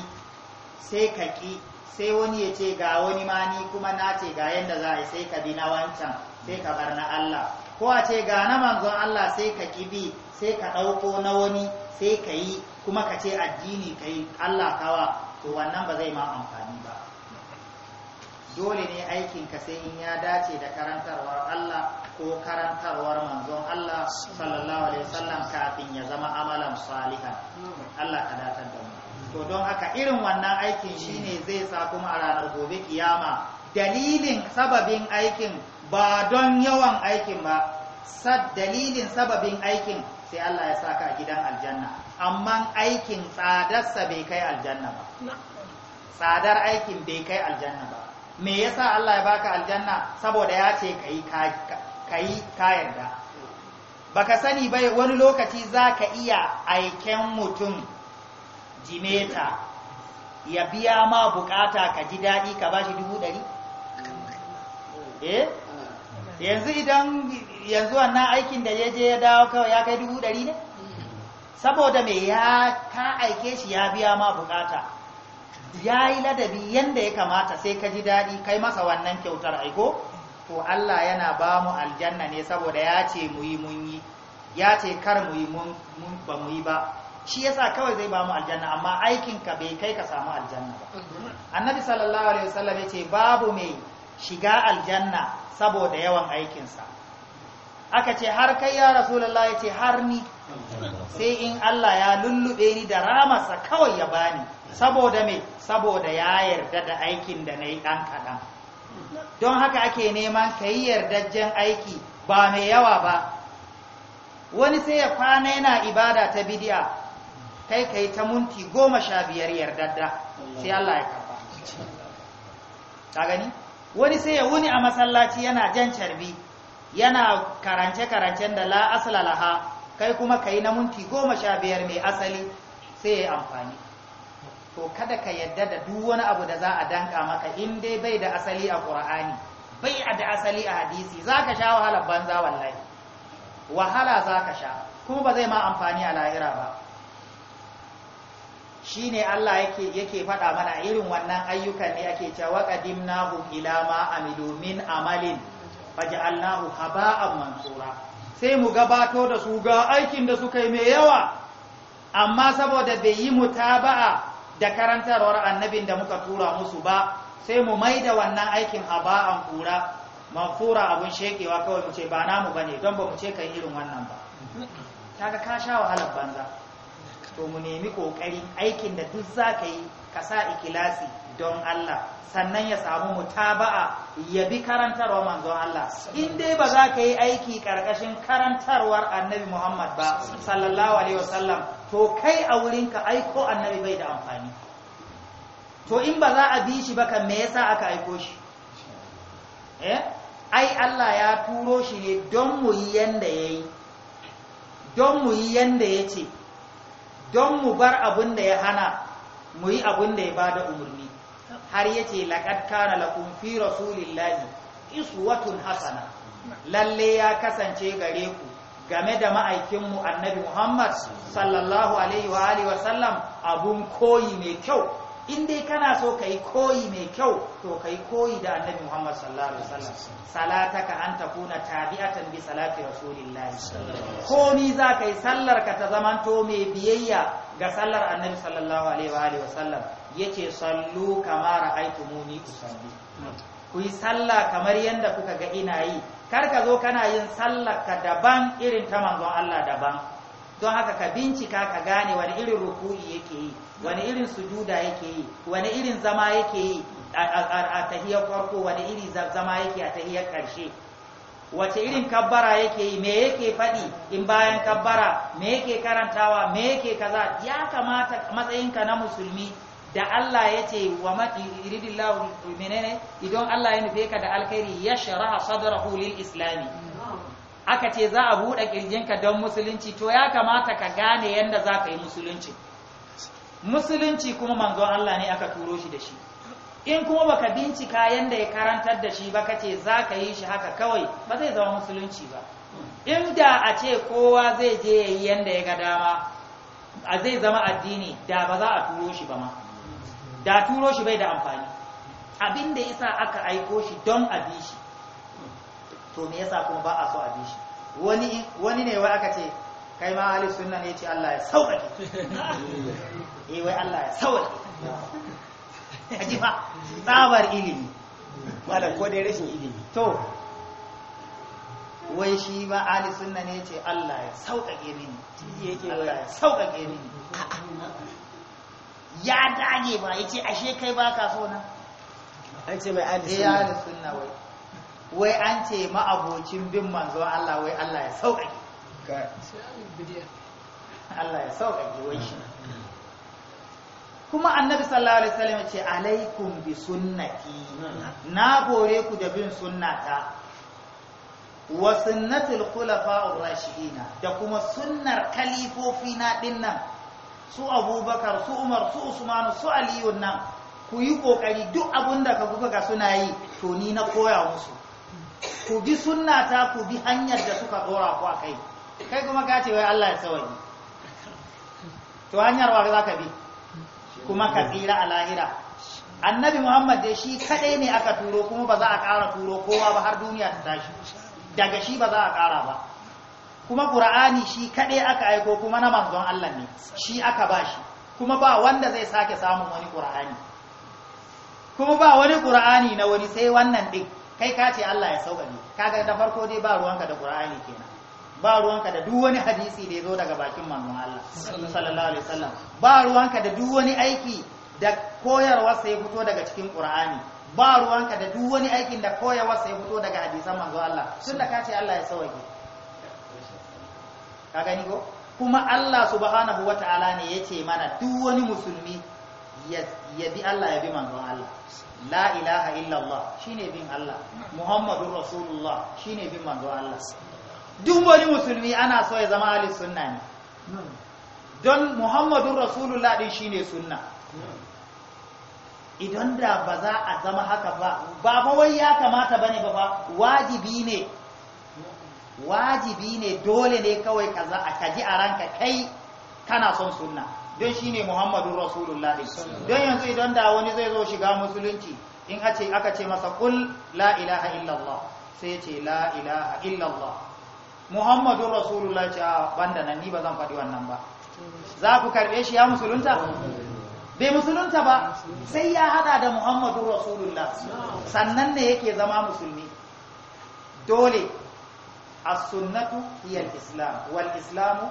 sai ka ƙi sai wani ya ce ga wani ma ni kuma na ce ga yanda za a yi sai ka bi na wancan sai ka bar na Allah ko a ce ga na manzon Allah sai ka ƙi bi sai ka ɗauko na wani sai ka yi kuma ka ce addini ka yi Allah kawa to wannan ba zai ma amfani dole ne aikinka sai in ya dace da karantarwar Allah ko karantarwar manzon Allah sallallahu alaihi wasallam kafin ya zama amalan salihan Allah ka datar da mu to don haka irin wannan aikin shine zai sa kuma a ranar gobe kiyama dalilin sababin aikin ba don yawan aikin ba sad dalilin sababin aikin sai Allah ya saka a gidan aljanna amma aikin tsadarsa bai kai aljanna ba tsadar aikin bai kai aljanna ba me yasa Allah ya baka aljanna saboda ya ce kai kai kayan da baka sani bai wani lokaci zaka iya aiken mutum jimeta ya biya ma bukata ka ji daɗi ka bashi dubu ɗari eh yanzu idan yanzu wannan aikin da ya je ya dawo kawai ya kai dubu ɗari ne saboda me ya ka aike shi ya biya ma bukata ya yi ladabi yadda ya kamata sai ka ji daɗi kai masa wannan kyautar aiko to Allah yana ba mu aljanna ne saboda ya ce mu yi mun yi ya ce kar mu yi mun ba mu yi ba shi yasa kawai zai ba mu aljanna amma aikin ka bai kai ka samu aljanna ba annabi sallallahu alaihi wasallam ya ce babu mai shiga aljanna saboda yawan aikinsa aka ce har kai ya rasulullahi ya ce har ni sai in Allah ya lullube ni da ramarsa kawai ya bani saboda me saboda ya yarda da aikin da na yi ɗan kaɗan don haka ake neman ka yi yardajjen aiki ba mai yawa ba wani sai ya kwana yana ibada ta bidiya kai ka ta munti goma sha biyar yardadda sai Allah ya karba ta gani wani sai ya wuni a masallaci yana jan carbi yana karance-karancen da la asala kai kuma ka yi na munti goma sha biyar mai asali sai ya yi amfani to kada ka yadda da duk wani abu da za a danka maka in dai bai da asali a ƙur'ani, bai da asali a hadisi za ka sha wahala banza wallahi wahala za ka sha kuma ba zai ma amfani a lahira ba Shi ne Allah yake faɗa mana irin wannan ayyukan ne ake cewa qadimnahu ilama ma amilu min amalin Allahu, haba'an mansura sai mu gabato da su ga aikin da suka yi mai yawa amma saboda bai yi mutaba'a da karantarwar annabin da muka tura musu ba sai mu mai da wannan aikin an kura manfura abun shekewa kawai mu ce ba namu ba ne don ba mu ce yi irin wannan ba ta ka sha wahalar banza to mu nemi ƙoƙari aikin da duk zaka yi ka sa ikilasi don Allah sannan ya samu mutaba'a ya bi karantarwa manzon Allah in dai ba za ka yi aiki karkashin karantarwar annabi Muhammad ba sallallahu alaihi wasallam to kai a wurinka aiko annabi bai da amfani to in ba za a bi shi ba kan me yasa aka aiko shi eh ai Allah ya turo shi ne don mu yi yanda yayi don mu yi yanda yace don mu bar abin da ya hana mu yi abin da ya bada umarni har yace laqad kana lakum fi rasulillahi iswatun hasana lalle ya kasance gare ku game da ma'aikinmu annabi Muhammad sallallahu alaihi wa alihi wa sallam abun koyi mai kyau in dai kana so kai koyi mai kyau to kai koyi da annabi Muhammad sallallahu alaihi wa sallam salataka an takuna tabi'atan bi salati rasulillahi ni za kai sallar ka ta zamanto mai biyayya ga sallar annabi sallallahu alaihi wa alihi wa sallam yake sallu kamar aitumuni usalli hmm. ku yi sallah kamar yadda kuka ga ina yi kar ka zo kana yin sallah ka daban irin ta manzon Allah daban don haka ka bincika ka gane wani irin ruku'i yake yi wani irin sujuda yake yi wani irin zama yake yi a tahiyar farko wani irin zama yake a tahiyar karshe wace irin kabbara yake yi me yake faɗi in bayan kabbara me yake karantawa me yake kaza ya kamata matsayinka na musulmi da Allah ya ce wa matiridillahu menene idan Allah ya nufe ka da alkhairi ya sharaha sadrahu lil islami aka ce za a buɗe kirjinka don musulunci to ya kamata ka gane yadda za ka yi musulunci musulunci kuma manzon Allah ne aka turo shi da shi in kuma baka bincika yanda ya karantar da shi ba ka ce za ka yi shi haka kawai ba zai zama musulunci ba In da a ce kowa zai je ya yi yadda ya ga dama a zai zama addini da ba za a turo shi ba ma da turo shi bai da amfani abin da yasa aka aiko shi don a bi shi to me yasa kuma ba a so a bi shi wani wani ne wai aka ce kai ma ahli sunna ne ce Allah ya sauƙaƙe eh wai Allah ya sauƙaƙe aji fa tsabar ilimi wala ko dai rashin ilimi to wai shi ba ahli sunna ne ce Allah ya sauƙaƙe mini Allah ya sauƙaƙe mini ya dage ba ya ce ashe kai ba ka so na an ce mai ahli eh, sunna ahli sunna wai wai an ce abokin bin manzo Allah wai Allah ya sauƙaƙe Allah ya sauƙaƙe wai shi mm. kuma annabi sallallahu alaihi wasallam ya ce alaikum bi sunnati na gore ku da bin sunnata wa sunnatul khulafa'ur rashidina da kuma sunnar na dinnan su abubakar su umar su Usman, su aliyun nan ku yi kokari duk abun da ka kuka suna yi to ni na koya musu ku bi sunnata ku bi hanyar da suka dora ku a kai kai kuma ka ce wai Allah ya tsawani to hanyar wa za ka bi kuma ka tsira a lahira annabi muhammad da shi kadai ne aka turo kuma ba za a ƙara turo kowa ba har duniya ta tashi daga shi ba za a ƙara ba kuma qur'ani shi kadai aka aiko kuma na manzon Allah ne shi aka bashi kuma ba wanda zai sake samun wani qur'ani kuma ba wani qur'ani na wani sai wannan din kai ka ce Allah ya sauƙaƙe kaga da farko dai ba ruwanka da qur'ani kenan ba ruwanka da duk wani hadisi da ya zo daga bakin manzon Allah sallallahu alaihi wasallam ba ruwanka da duk wani aiki da koyarwarsa ya fito daga cikin Qur'ani ba ruwanka da duk wani aikin da koyarwarsa ya fito daga hadisan manzon Allah tunda ka ce Allah ya sauke ka gani ko kuma Allah subhanahu wata'ala ne yace mana duk wani musulmi ya bi Allah ya bi manzon Allah la ilaha illa Allah shine bin Allah muhammadur rasulullah shine bin manzon Allah duk wani musulmi ana so ya zama ahli sunna ne don muhammadur rasulullah din shine sunna idan da ba za a zama haka ba ba wai ya kamata bane ba wajibi ne wajibi ne dole ne kawai kaza a kaji a ranka kai kana son sunna don shi ne muhammadun rasulullah don yanzu idan da wani zai zo shiga musulunci in ce aka ce masa kul la ilaha illallah sai ce la ilaha illallah muhammadun rasulullah ce a banda nan ni ba zan faɗi wannan ba za ku karɓe shi ya musulunta bai musulunta ba sai ya hada da muhammadun rasulullah sannan ne yake zama musulmi dole as-sunnatu hiya al-islam wal islamu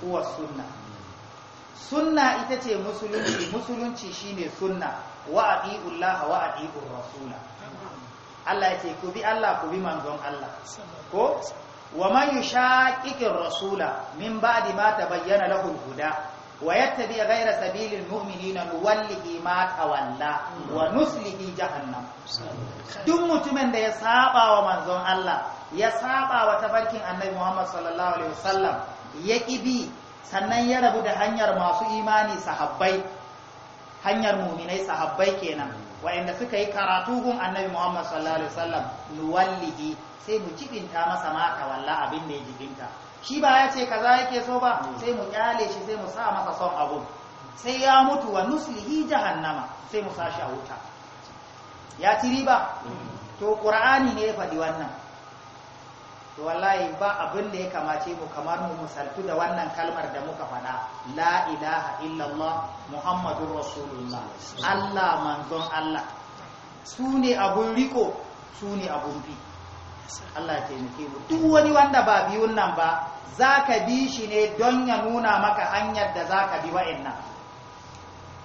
huwa sunna sunna ita ce musulunci musulunci shine sunna wa aqiullah wa rasula Allah ya ce ku bi Allah ku bi manzon Allah ko wa man yushaqiqir rasula min ba'di ma tabayyana lahu al-huda wa yattabi ghayra sabilil mu'minina nuwallihi ma tawalla wa nuslihi jahannam duk mutumin da ya saba wa manzon Allah ya saba wa tafarkin annabi Muhammad sallallahu alaihi wasallam ya kibi sannan ya rabu da hanyar masu imani sahabbai hanyar muminai sahabbai kenan wa'anda suka yi karatu gun annabi Muhammad sallallahu alaihi wasallam nuwallihi sai mu kibinta masa mata walla abin da ya jibinta shi ba ya ce kaza yake so ba sai mu kyale shi sai mu sa masa son abu sai ya mutu wa nuslihi jahannama sai mu sa shi a wuta ya ci riba mm. to qur'ani ne ya faɗi wannan to wallahi ba abin da ya kamace mu kamar mu musaltu da wannan kalmar da muka faɗa, la ilaha illallah muhammadur rasulullah Allah manzon Allah su ne abun riko su ne abun bi Allah ya taimake mu duk wani wanda ba biyun nan ba zaka bi shi ne don ya nuna maka hanyar da zaka bi wa'annan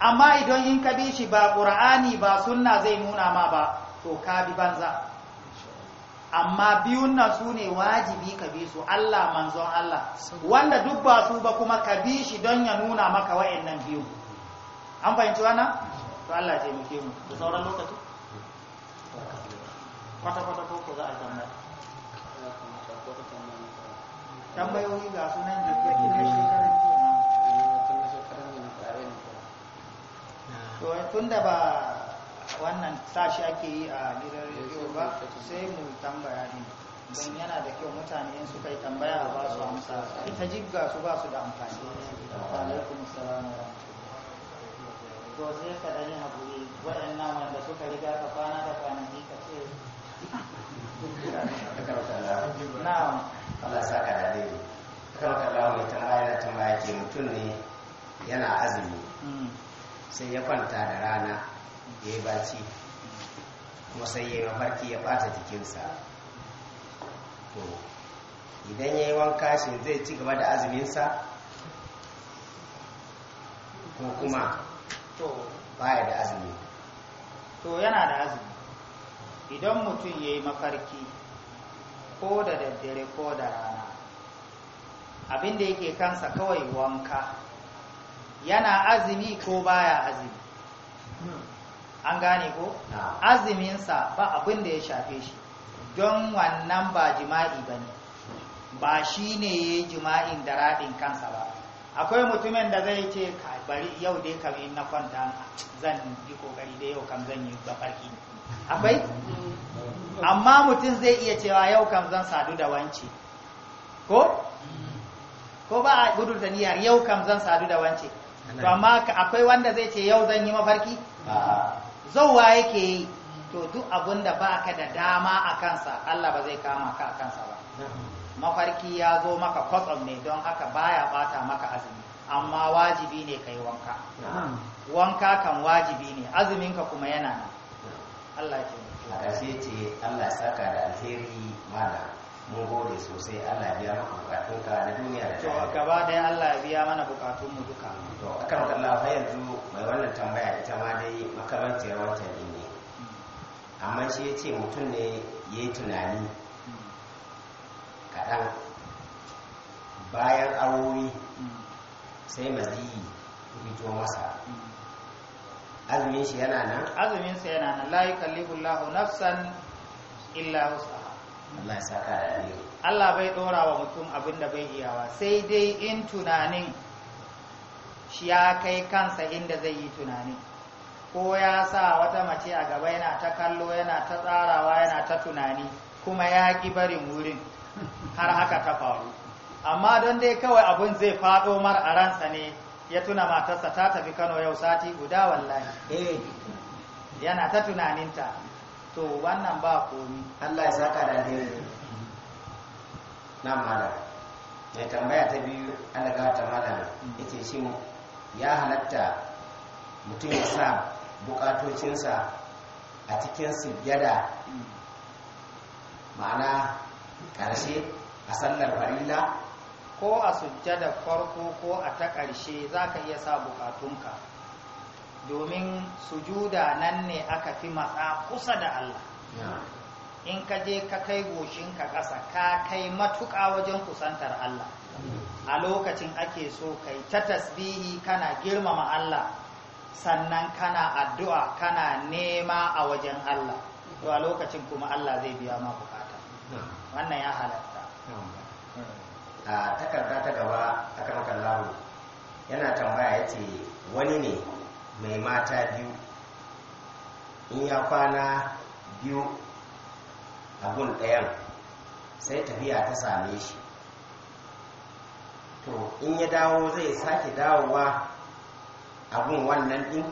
amma idan in ka bi shi ba qur'ani ba sunna zai nuna ma ba to ka bi banza amma biyun nan su ne wajibi ka bi su Allah manzon Allah wanda duk ba su ba kuma ka bi shi don ya nuna maka wa'annan biyu an fahimci wana to Allah ya taimake mu da sauran lokaci kwata kwata ko ko za a tambaya tambayoyi ga sunan jikin na shekarar jiya to da ba wannan sashi ake yi a gidan rediyo ba sai mu tambaya ne don yana da kyau mutane in suka yi tambaya a ba su amsa ita jigga su ba su da amfani alaikum salam to sai ka dani haƙuri waɗannan wanda suka riga ka kwana da kwanaki ka ce na'am Allah saka da dai kawai mai tambaya da tambaya mutum ne yana azumi mm. sai ya kwanta da rana ya yi baci kuma sai ya yi mafarki ya bata jikinsa to idan ya yi wanka shi zai ci gaba da azuminsa ko kuma baya da azumi to yana da azumi idan mutum ya yi mafarki ko da daddare ko da rana abinda yake kansa kawai wanka yana azumi ko baya azumi hmm. an gane ko ah. Aziminsa ba abin da ya shafe shi don wannan ba jima'i ba ne ba shi ne ya yi jima'in da raɗin kansa ba akwai mutumin da zai ce bari yau dai kam na kwanta zan yi kokari da yau kam zan yi gafarki akwai amma mutum zai iya cewa yau kam zan sadu da wance ko ko ba a gudu da niyyar yau kam zan sadu da wance to amma akwai wanda zai ce yau zan yi mafarki zauwa yake yi to duk abin da ba ka da dama a kansa Allah ba zai kama ka a kansa ba mafarki ya zo maka kwatsam ne don haka baya bata maka azumi amma wajibi ne ka yi wanka wanka kan wajibi ne azuminka kuma yana nan Allah ya ce ce Allah saka da alheri mana mun gode sosai Allah biya maka bukatun ka na duniya da to gaba daya Allah ya biya mana bukatun mu duka to akan Allah fa yanzu mai wannan tambaya ita ma dai makamanciyar wancan din ne amma shi ya ce mutum ne ya yi tunani kaɗan bayan awowi sai maziyi fito masa azumin shi yana nan azumin sa yana nan la yukallifu Allahu nafsan illa wus'a Allah bai ɗora wa mutum abin da bai iyawa sai dai in tunanin shi ya kai kansa inda zai yi tunani ko ya sa wata mace a gaba yana ta kallo yana ta tsarawa yana ta tunani kuma ya ƙi barin wurin har haka ta faru amma don dai kawai abin zai faɗo mar a ransa ne ya tuna matarsa ta tafi kano yau sati guda wallahi eh. yana ta tunaninta to wannan ba komi Allah ya saka da alheri na malam mai tambaya ta biyu an daga ta malam yace shin ya halatta mutum ya sa bukatocinsa a cikin sujjada ma'ana ƙarshe a sallar farila ko a sujjada farko ko a ta ƙarshe za ka iya sa bukatunka domin sujuda nan ne aka fi matsa kusa da Allah in ka je ka kai goshin ka ƙasa ka kai matuƙa wajen kusantar Allah a lokacin ake so kai ta tasbihi kana girmama Allah sannan kana addu'a kana nema a wajen Allah to a lokacin kuma Allah zai biya ma bukata wannan ya halatta a takarda ta gaba a kan yana tambaya ya ce wani ne mai mata biyu in ya kwana biyu a ɗayan sai tafiya ta same shi to in ya dawo zai sake dawowa a gun wannan ɗin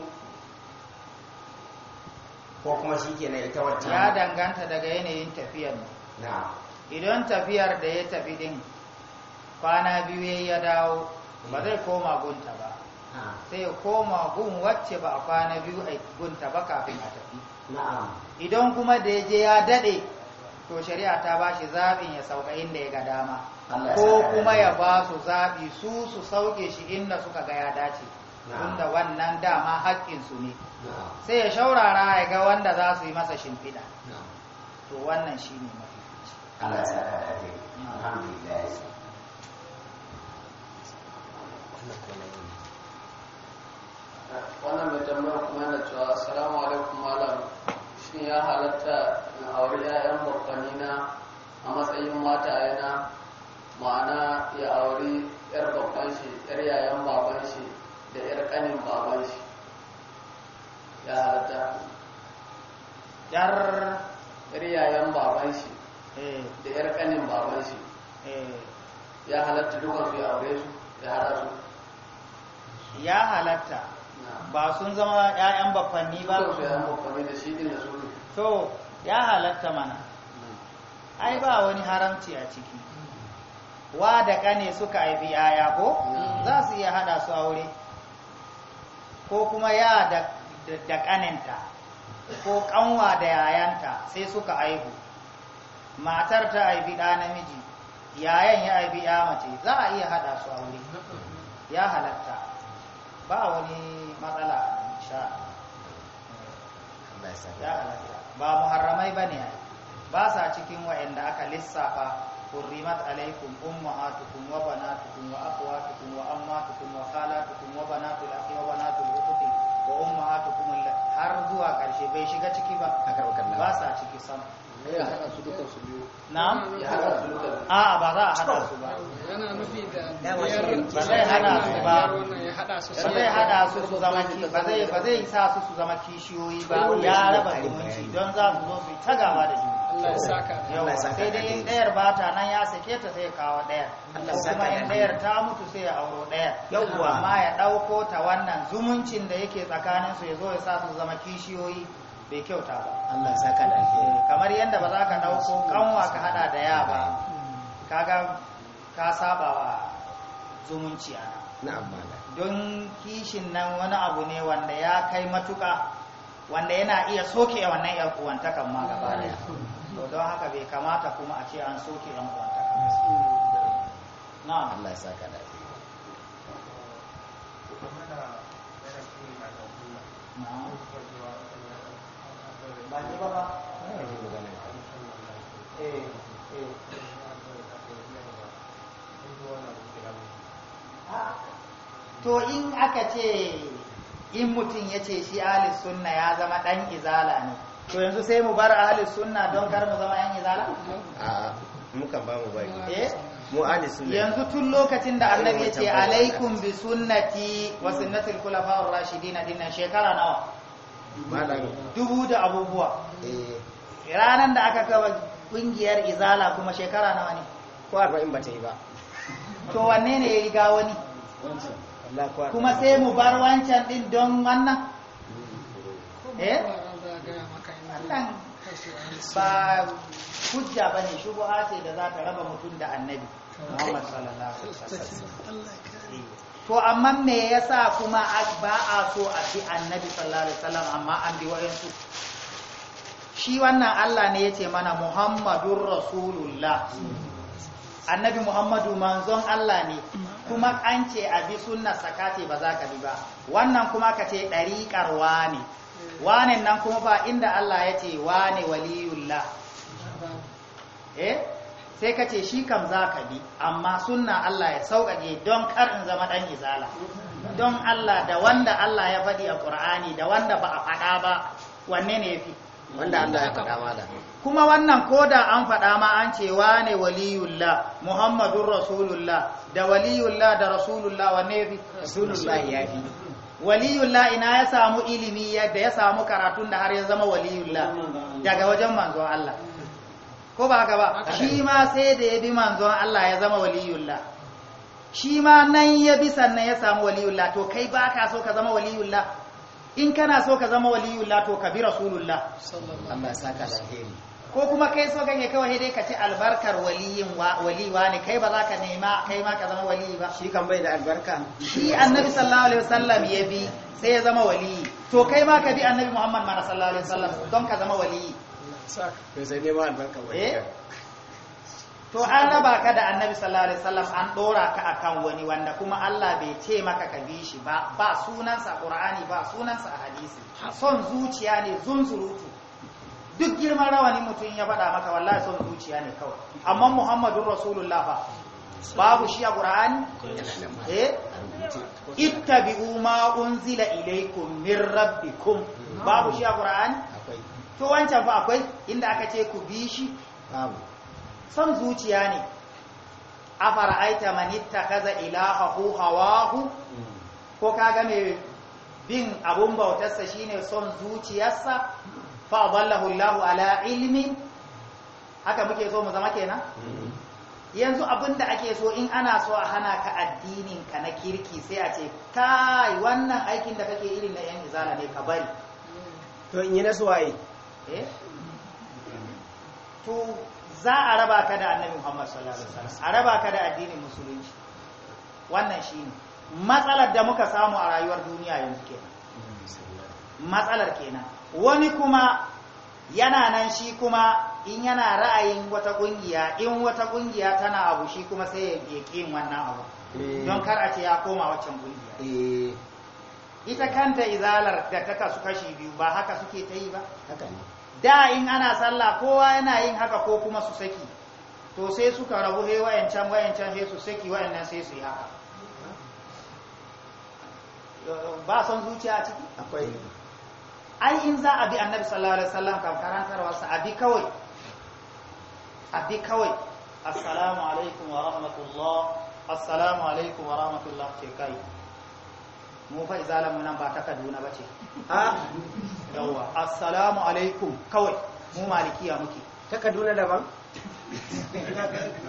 ko kuma shi ke na ita wata ya danganta daga yanayin tafiyar na idan tafiyar da ya tafi ɗin kwana biyu ya dawo ba zai koma gunta ba Ah. sai ya koma gun wacce ba a kwana biyu a gunta ba kafin a tafi idan kuma da ya je ya daɗe to shari'a ta ba shi zaɓin ya sauka inda ya ga dama ko kuma ya ba su zaɓi su su sauke shi inda suka ga ya dace tunda wannan dama haƙƙinsu ne sai ya shaurara ya ga wanda za su yi masa shimfiɗa to wannan shi ne mafi alhamdulillah haramci a ciki wa da kane suka haifi yaya ko za su iya hada su aure ko kuma ya da kaninta ko kanwa da yayanta sai suka aibu matar ta aibi da namiji yayan ya aibi ya mace za a iya hada su aure ya halatta ba wani matsala sha ya halatta ba muharramai ba ne ba sa cikin wa'anda aka lissafa hurrimat alaikum ummahatukum wa banatukum wa akhwatukum wa ammatukum wa khalatukum wa banatul akhi wa banatul ukhti wa ummahatukum har zuwa karshe bai shiga ciki ba ba sa ciki sam ya na'am ya a ba za a hada su ba yana nufi da ba zai hada su ba hada su zama ba zai sa su su zama kishiyoyi ba ya raba zumunci don za su zo su ta gaba da juna Allah ya saka sai dai in ɗayar ba ta nan ya sake ta sai kawo ɗayar kuma in ɗayar ta mutu sai ya auro ɗayar yawwa amma ya ɗauko ta wannan zumuncin da yake tsakanin su ya zo ya sa su zama kishiyoyi bai kyauta ba Allah ya saka da eh, kamar yadda ba za ka ɗauko kanwa ka haɗa da ya ba kaga ka saba wa zumunci a nan don kishin nan wani abu ne wanda ya kai matuka wanda yana iya soke wannan yan uwantakan ma gaba daya to don haka bai kamata kuma a ce an soke yan kwanta na Allah ya sa eh, eh. to in aka ce in mutum ya ce shi Ali sunna ya zama dan izala ne to yanzu sai mu bar ahli sunna don kar mu zama yan izala a mukan ba mu bai eh mu ahli sunna yanzu tun lokacin da annabi ya ce alaikum bi sunnati wa sunnati al-khulafa ar-rashidin nan shekara nawa dubu da abubuwa eh ranan da aka kawo kungiyar izala kuma shekara nawa ne ko 40 bata yi ba to wanne ne ya riga wani kuma sai mu bar wancan din don wannan mm. eh wannan ba hujja ba ne ce da za ta raba mutum da annabi Muhammad sallallahu to amma me yasa kuma ba a so a bi annabi sallallahu alaihi wasallam amma an bi wayansu shi wannan Allah ne yace mana Muhammadur Rasulullah annabi Muhammadu manzon Allah ne kuma an ce a bi sunnar sakate ba za ka bi ba wannan kuma ka ce ƙarwa ne wane nan kuma ba inda Allah ya ce wane waliyullah eh sai ka ce shi kam za ka bi amma sunna Allah ya sauƙaƙe don kar in zama ɗan izala don Allah da wanda Allah ya faɗi a ƙur'ani da wanda ba a faɗa ba wanne ne fi wanda Allah ya faɗa ma da kuma wannan ko da an faɗa ma an ce wane waliyullah muhammadun rasulullah da waliyullah da rasulullah wanne fi rasulullah ya fi waliyullah ina ya samu ilimi yadda ya samu karatun da har ya zama waliyullah daga wajen manzon Allah ko ba haka ba shi ma sai da ya bi manzon Allah ya zama waliyullah shi ma nan ya bi sannan ya samu waliyullah to kai ba ka so ka zama waliyullah in kana so ka zama waliyullah to ka bi rasulullah sallallahu ya wasallam ko kuma kai so ganye kawai dai ka ci albarkar waliyin waliwa ne kai ba za ka nema kai ma ka zama wali ba shi kan bai da albarka shi annabi sallallahu alaihi wasallam ya bi sai ya zama wali. to kai ma ka bi annabi muhammad ma sallallahu alaihi wasallam don ka zama wali. sai sai nema albarka waliyi eh? to an na ka da annabi sallallahu alaihi wasallam an dora ka akan wani wanda kuma Allah bai ce maka ka bi shi ba ba sunansa qur'ani ba sunansa hadisi son zuciya ne zunzurutu duk girman rawani mutum ya faɗa maka wallahi son zuciya ne kawai amma muhammadun rasulullah fa babu shi a qur'ani eh ittabi'u ma unzila ilaykum min rabbikum babu shi a qur'ani to wancan fa akwai inda aka ce ku bi shi babu son zuciya ne a fara'aita manitta kaza ilahahu hawahu mm. ko kaga mai bin abun bautarsa shine son zuciyarsa fa ballahu Allahu ala ilmi haka muke so mu zama kenan mm-hmm. yanzu abinda ake so in ana so a hana ka addinin ka na kirki sai a ce kai wannan aikin da kake irin na yan izala ne ka bari mm-hmm. to in yi na suwaye eh to za a raba ka da annabi Muhammad sallallahu alaihi wasallam a raba ka da addinin musulunci wannan shine matsalar da muka samu a rayuwar duniya yanzu kenan mm-hmm. matsalar kenan wani kuma yana nan shi kuma in yana ra'ayin wata kungiya in wata kungiya tana abu shi kuma sai ya yin wannan abu eh. don kar a ce ya koma waccan kungiya eh. ita kanta izalar da ta kasu kashi biyu ba haka suke ta yi ba da in ana sallah kowa yana yin haka ko kuma su saki to sai suka rabu he wayancan wayancan he su saki wayannan sai su yi haka ba son zuciya a ciki akwai ai in za a bi annabi sallallahu alaihi wasallam kan karantarwarsa a bi kawai a bi kawai assalamu alaikum wa rahmatullah assalamu alaikum wa rahmatullah ce kai mu fa izalan mu nan ba ta Kaduna bace ha yawa assalamu alaikum kawai mu malikiya muke ta Kaduna daban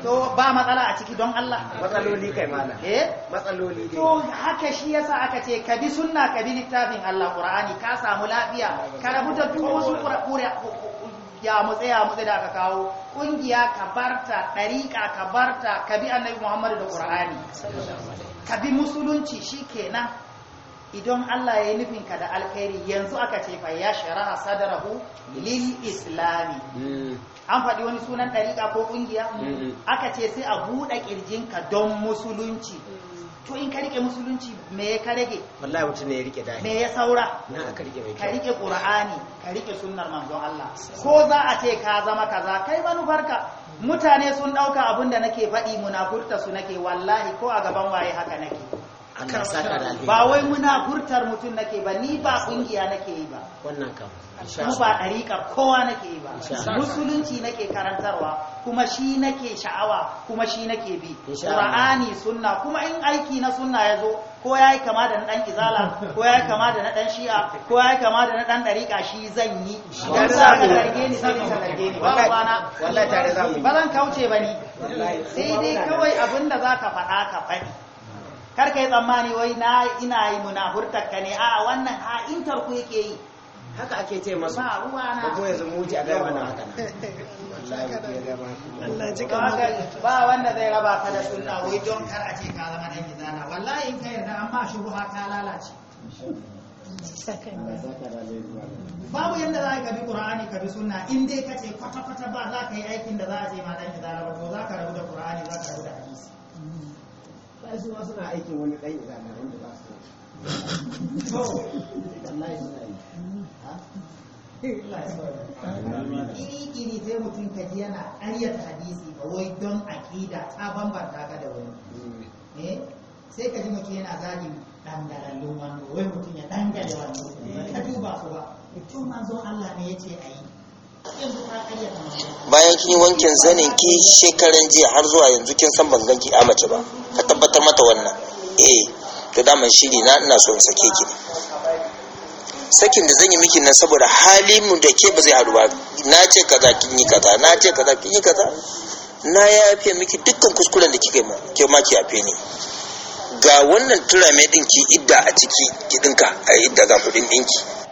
to ba matsala a ciki don Allah matsaloli kai mana eh matsaloli to haka shi yasa aka ce ka bi sunna ka bi littafin Allah Qur'ani ka samu lafiya ka rubuta duk wasu ya mutse ya mutse da aka kawo kungiya ka barta dariqa ka barta ka bi annabi Muhammad da Qur'ani ka bi musulunci shikenan idan Allah ya yi nufin ka da alkhairi yanzu aka ce fa ya sharaha sadarahu lil islami hmm. an faɗi wani sunan ɗariƙa ko ƙungiya aka ce sai a buɗe ƙirjinka don musulunci to in ka rike musulunci me ya ka rage wallahi mutum ne ya rike dai me ya saura na ka rike mai ka rike qur'ani ka rike sunnar manzon Allah ko za a ce ka zama kaza kai manufarka mutane sun dauka abun da nake faɗi munafurta su nake wallahi ko a gaban waye haka nake Allah saka da ba wai muna furtar mutum nake ba ni ba kungiya nake yi ba wannan kam kuma ba dariƙa kowa nake yi ba musulunci nake karantarwa kuma shi nake sha'awa kuma shi nake bi qur'ani sunna kuma in aiki na sunna ya zo ko yayi kama da na dan izala ko yayi kama da na dan shi'a ko yayi kama da na dan dariƙa shi zan yi dan za ka zarge ni sai ka zarge ni ba bana wallahi tare za mu ba zan kauce ba ni sai dai kawai abinda zaka faɗa ka faɗi kar ka yi tsammani wai na ina yi muna ka ne a wannan a intar ku yake yi haka ake ce masu ba ruwa na ko yanzu muji a gaba na haka Allah ji kan ba wanda zai raba ka da sunna wai don kar a ce ka zama dan gizana wallahi in ka yarda amma ruwa ta lalace babu yadda za ka bi qur'ani ka bi sunna in dai ka ce kwata kwata ba za ka yi aikin da za a ce ma dan gizana ba to za ka rabu da qur'ani za ka rabu da hadisi sai su ma suna aiki wani kai ɗan izana wanda ba su to wallahi suna yi Iri iri sai mutum ka ji yana ƙaryata hadisi ba wai don aƙida ta bambanta ka da wani eh? sai ka ji mutum yana zagin dangalallun wani wai mutum ya dangale wani ka duba su ba mutum manzon Allah ne ya ce a yi bayan kin yi wankin zanin ki shekaran jiya har zuwa yanzu kin san ban ganki a mace ba ka tabbatar mata wannan eh to daman shiri na ina so in sake ki sakin da zan yi miki nan saboda halimu mu da ke ba zai haɗu ba na ce kaza kin yi kaza na ce kaza kin yi kaza na yafe miki dukkan kuskuren da kika ma ke ma ki yafe ni ga wannan turame din ki idda a ciki ki dinka a idda ga kudin dinki